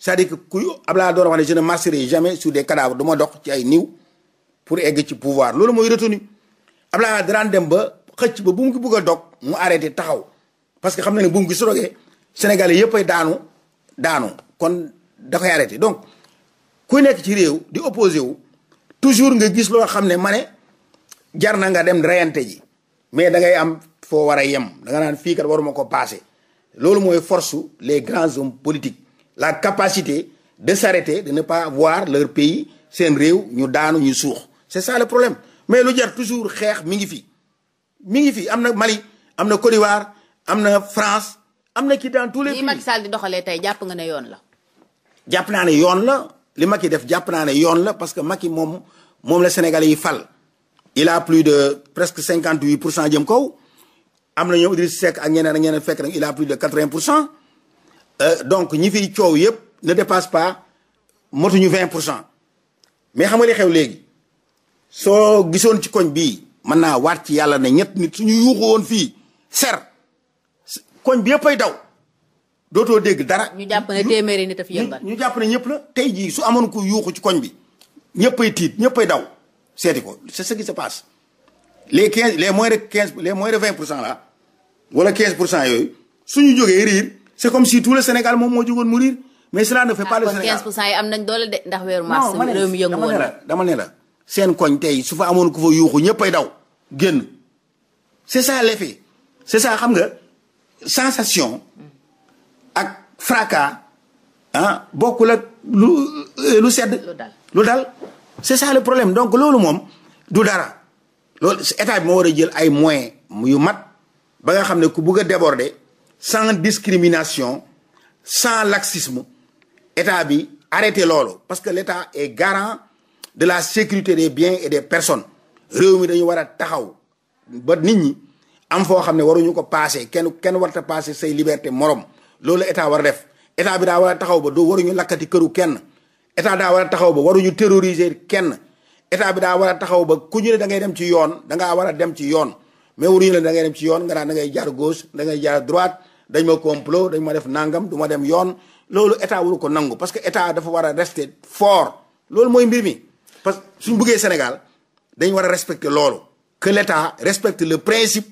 c'est-à-dire que ku Abdoulaye Wade wax ne je ne marcherai jamais sur des cadavres du ma dox ci ay niw pour egg ci pouvoir loolu mooy retenu Abdoulaye Wade daan dem ba xëcc ba bu mu bëgg a dog mu arrêté taxaw parce que xam na ne bu mu gis rogee yëpp ay daanu daanu kon da koy donc kuy nekk ci réew di opposé wu toujours nga gis loo xam ne ma ne jar na nga dem reyante ji mais da ngay am foo war a yem da nga naan fii kat waruma ko passé loolu mooy force les grands hommes politiques la capacité de s'arrêter de ne voir leur pays seen réew ñu daanu ñu suux c'est ça le problème mais lu jar toujours xeex mi ngi fi mi ngi fi am na Mali am na Côte d'Ivoire am na France am na ci dans tous les pays. lii Macky Sall di doxalee tey jàpp nga ne yoon la. jàpp naa ne yoon la li Macky def jàpp naa ne yoon la parce que Macky moom moom la Sénégalais yi fal. il a plus de presque cinquante huit pour cent jëm kaw am na ñoom Idriss Seck ak ñeneen ak a plus de cent. Euh, donc ñi fi coow yëpp ne dépasse pas motuñu vingt pour cent mais xam nga li xew léegi soo gisoon ci koñ bi mën naa waat ci yàlla ne ñett nit suñu yuuxu woon fii ser koñ bi yëpp ay daw dootoo dégg dara. ñu jàpp ne téeméeri nit a fi yëngal ñu jàpp ne ñëpp la tey jii su amoon ku yuuxu ci koñ bi ñëppay tiit ñëppay daw seeti ko c'est ce qui se passe les quinze les moins de quinze les moins de vingt pour cent là wala quinze pour cent yooyu suñu jógee riir. c'est comme si tout le Sénégal moom moo jógoon mourir mais cela ne fait pas le ah, Sénégal kon 15% yi am nañ dama ne la seen koñ tey su fa amoon ku fa yuuxu ñëppay daw génn c'est ça l'effet c'est ça xam nga sensation ak fracas ah bokkul ak lu sedd. lu dal lu c'est ça le problème donc loolu moom du dara loolu état bi moo war a jël ay moyens yu mat ba nga xam ne ku bugg a déborder. sans discrimination sans laxisme état bi arrêté loolu parce que l'état est garant de la sécurité des biens et des personnes réew mi dañu war a taxaw ba nit ñi am foo xam ne waruñu ko passé kenn kenn warta passé say liberté morom loolu état war a def état bi daa wara taxaw ba du waruñu lakkati këru kenn état daa wara taxaw ba waruñu terroriser kenn état bi daa wara taxaw ba ku ñu ne da ngay dem ci yoon da ngaa war dem ci yoon mais waruñu ne da ngay dem ci yoon nga naan da ngay jaar gauche da ngay jaar droite dañ ma complot dañ ma def nangam du ma dem yoon loolu état waru ko nangu parce que état dafa war a rester fort loolu mooy mbir mi parce que suñ buggee Sénégal dañu war a respecter loolu que l' état respecte le principe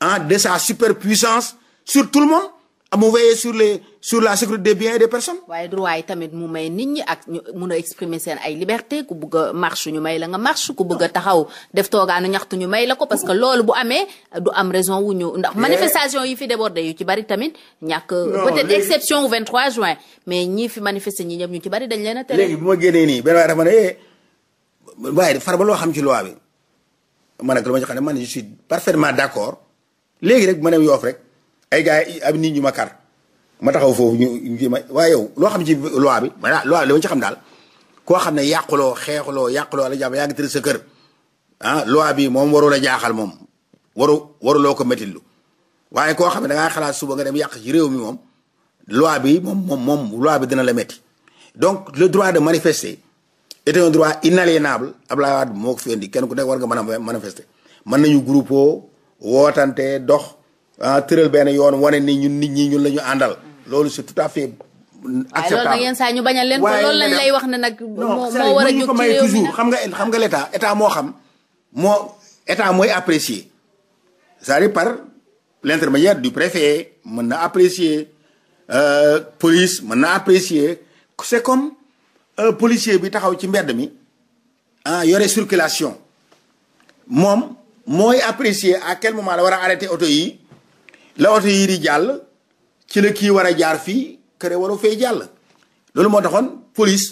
ah de sa superpuissance sur tout le monde mu veiller sur les sur la sécurité des biens et des waaye droit yi tamit may nit ñi ak ñu mun a exprimer seen ay liberté ku bëgg a marche ñu may la nga marche ku bëgg a taxaw def toogaanu ñaxtu ñu may la ko parce que loolu bu amee du am raison wu ñu ndax eh. manifestation yi fi débordé yu ci bari tamit ñàkk peut-être exception au 23 juin mais ñii fi manifester ñi ñëpp ñu ci bari dañ leen a tere. léegi bu ma génnee nii benn waaye dafa ne eh, waaye faraba loo xam ci loi bi man ak lu ma ci xam ne man je suis parfaitement d'accord léegi rek bu ma dem Yoff rek. ay gars yi ab nit ñu ma kar ma taxaw foofu ñu ma waaye yow loo xam ci loi bi maanaam loi bi li ma ci xam daal koo xam ne yàquloo xeexuloo yàquloo la jàmm yaa ngi tëdd sa kër ah loi bi moom waru la jaaxal moom waru waruloo ko méttilu waaye koo xam ne da ngaa xalaat suba nga dem yàq ji réew mi moom loi bi moom moom moom loi bi dina la métti donc le droit de manifester est un droit inaliénable Abdoulaye Wade moo ko fi indi kenn ku nekk war nga mën a manifester mën nañu groupe wootante dox ah tëral benn yoon wane ni ñu nit ñi ñun la ñu àndal. loolu c'est tout à fait. acceptable waaye saa ñu bañal leen. waaye loolu lañ lay wax ne nag. moo moo war a jóg ci réew mi xam nga xam nga l'état état moo xam moo état mooy apprécier c'est-à-dire par l'intermédiaire du préfet mën na apprécier euh, police mën na apprécier c'est policier bi taxaw ci mbedd mi ah yore circulation moom mooy apprécier à quel moment la war a arrêter oto yi. la oto yii jàll ci la kii war a jaar fii kër waru fee jàll loolu moo taxoon police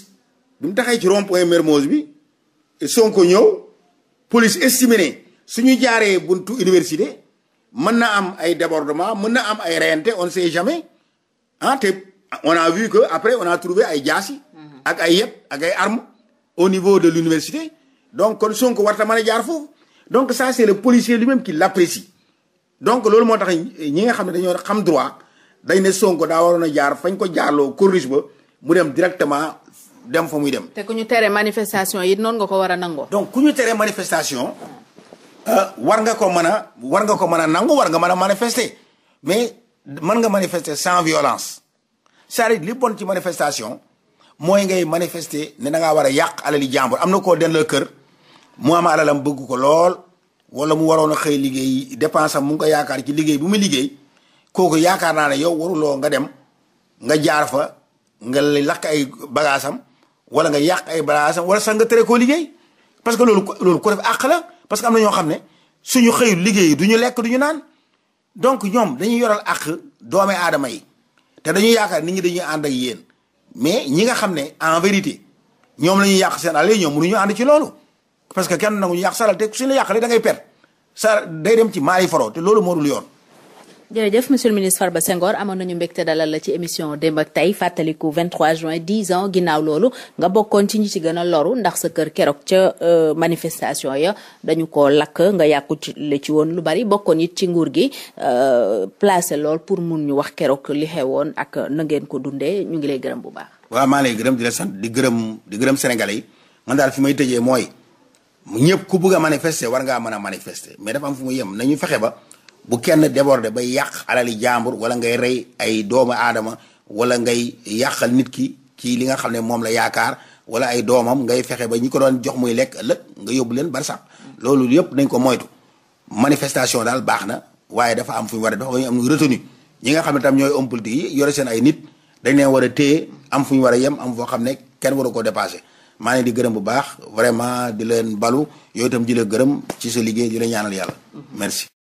bi mu ci rond point Mermoz bi Sonko ñëw police estimé ne suñu jaaree buntu université mën na am ay débordement mën na am ay reyante on sait jamais ah te on a vu que après on a trouvé ay jaasi mhm. ak ay yet ak ay armes au niveau de l'université donc kon Sonko warta mën a jaar foofu donc ça c'est le policier lui-même qui l'apprécie donc loolu moo tax ñi nga xam ne dañoo xam droit dañ ne Sonko daa waroon a jaar fañ ko jaarloo corrige ba mu dem directement dem fa muy dem. te ku ñu tere manifestation yi noonu nga ko war a nangoo. donc ku ñu tere manifestation euh, war nga ko mën a war nga ko mën a nangu war nga mën a manifester mais mën nga manifester sans violence cest li bon ci manifestation mooy ngay manifester ne da ngaa war a yàq alali jàmbur am na koo den la kër mu am alalam bëgg ko lool. wala mu waroon a xëy liggéey dépense am mu ngi ko yaakaar ci liggéey bu mu liggéey kooku yaakaar naa ne yow waruloo nga dem nga jaar fa nga lakk ay bagaasam wala nga yàq ay bagaasam wala sax nga tere koo liggéey parce que loolu loolu ko def àq la parce que am na ñoo xam ne suñu xëyul liggéey du ñu lekk du ñu naan donc ñoom dañuy yoral àq doome aadama yi te dañuy yaakaar nit ñi dañuy ànd ak yéen mais ñi nga xam ne en vérité ñoom lañu ñuy yàq seen àll yi ñoom mënuñu ànd ci loolu parce que kenn na ñu yàq saral te suñu la yàqalee da ngay perte sa day dem ci maay foro te loolu moo dul yoon. jërëjëf monsieur le ministre Farba Senghor amoon nañu mbégte dalal la ci émission démb ak tey fàttaliku 23 juin 10 ans ginnaaw loolu nga bokkoon ci ñu ci gën a loru ndax sa kër keroog ca euh, manifestation ya dañu ko lakk nga yàqu ci li ci woon lu bari bokkoon it ci nguur gi euh, placé lool pour mun ñu wax keroog li xewoon ak na ngeen ko dundee ñu ngi lay gërëm bu baax. waaw maa lay gërëm di la sant di gërëm di gërëm Sénégalais yi man daal fi may tëjee mooy. ñëpp ku bugg a manifester war ngaa mën a manifester mais dafa am fu mu yem nañu fexe ba bu kenn déborder ba yàq alali jàmbur wala ngay rey ay doomu aadama wala ngay yàqal nit ki ci li nga xam ne moom la yaakaar wala ay doomam ngay fexe ba ñi ko doon jox muy lekk ëllëg nga yóbbu leen bar sax loolu yëpp nañ ko moytu manifestation daal baax na waaye dafa am fu ñu war a dafa ñu am retenu ñi nga xam ne ñooy homme politique yi seen ay nit dañ war a téye am fu ñu war a yem am foo xam ne kenn waru ko dépassé maa ngi di gërëm bu baax vraiment di leen balu yow itam di la gërëm ci sa liggéey di la ñaanal yàlla mm-hmm. merci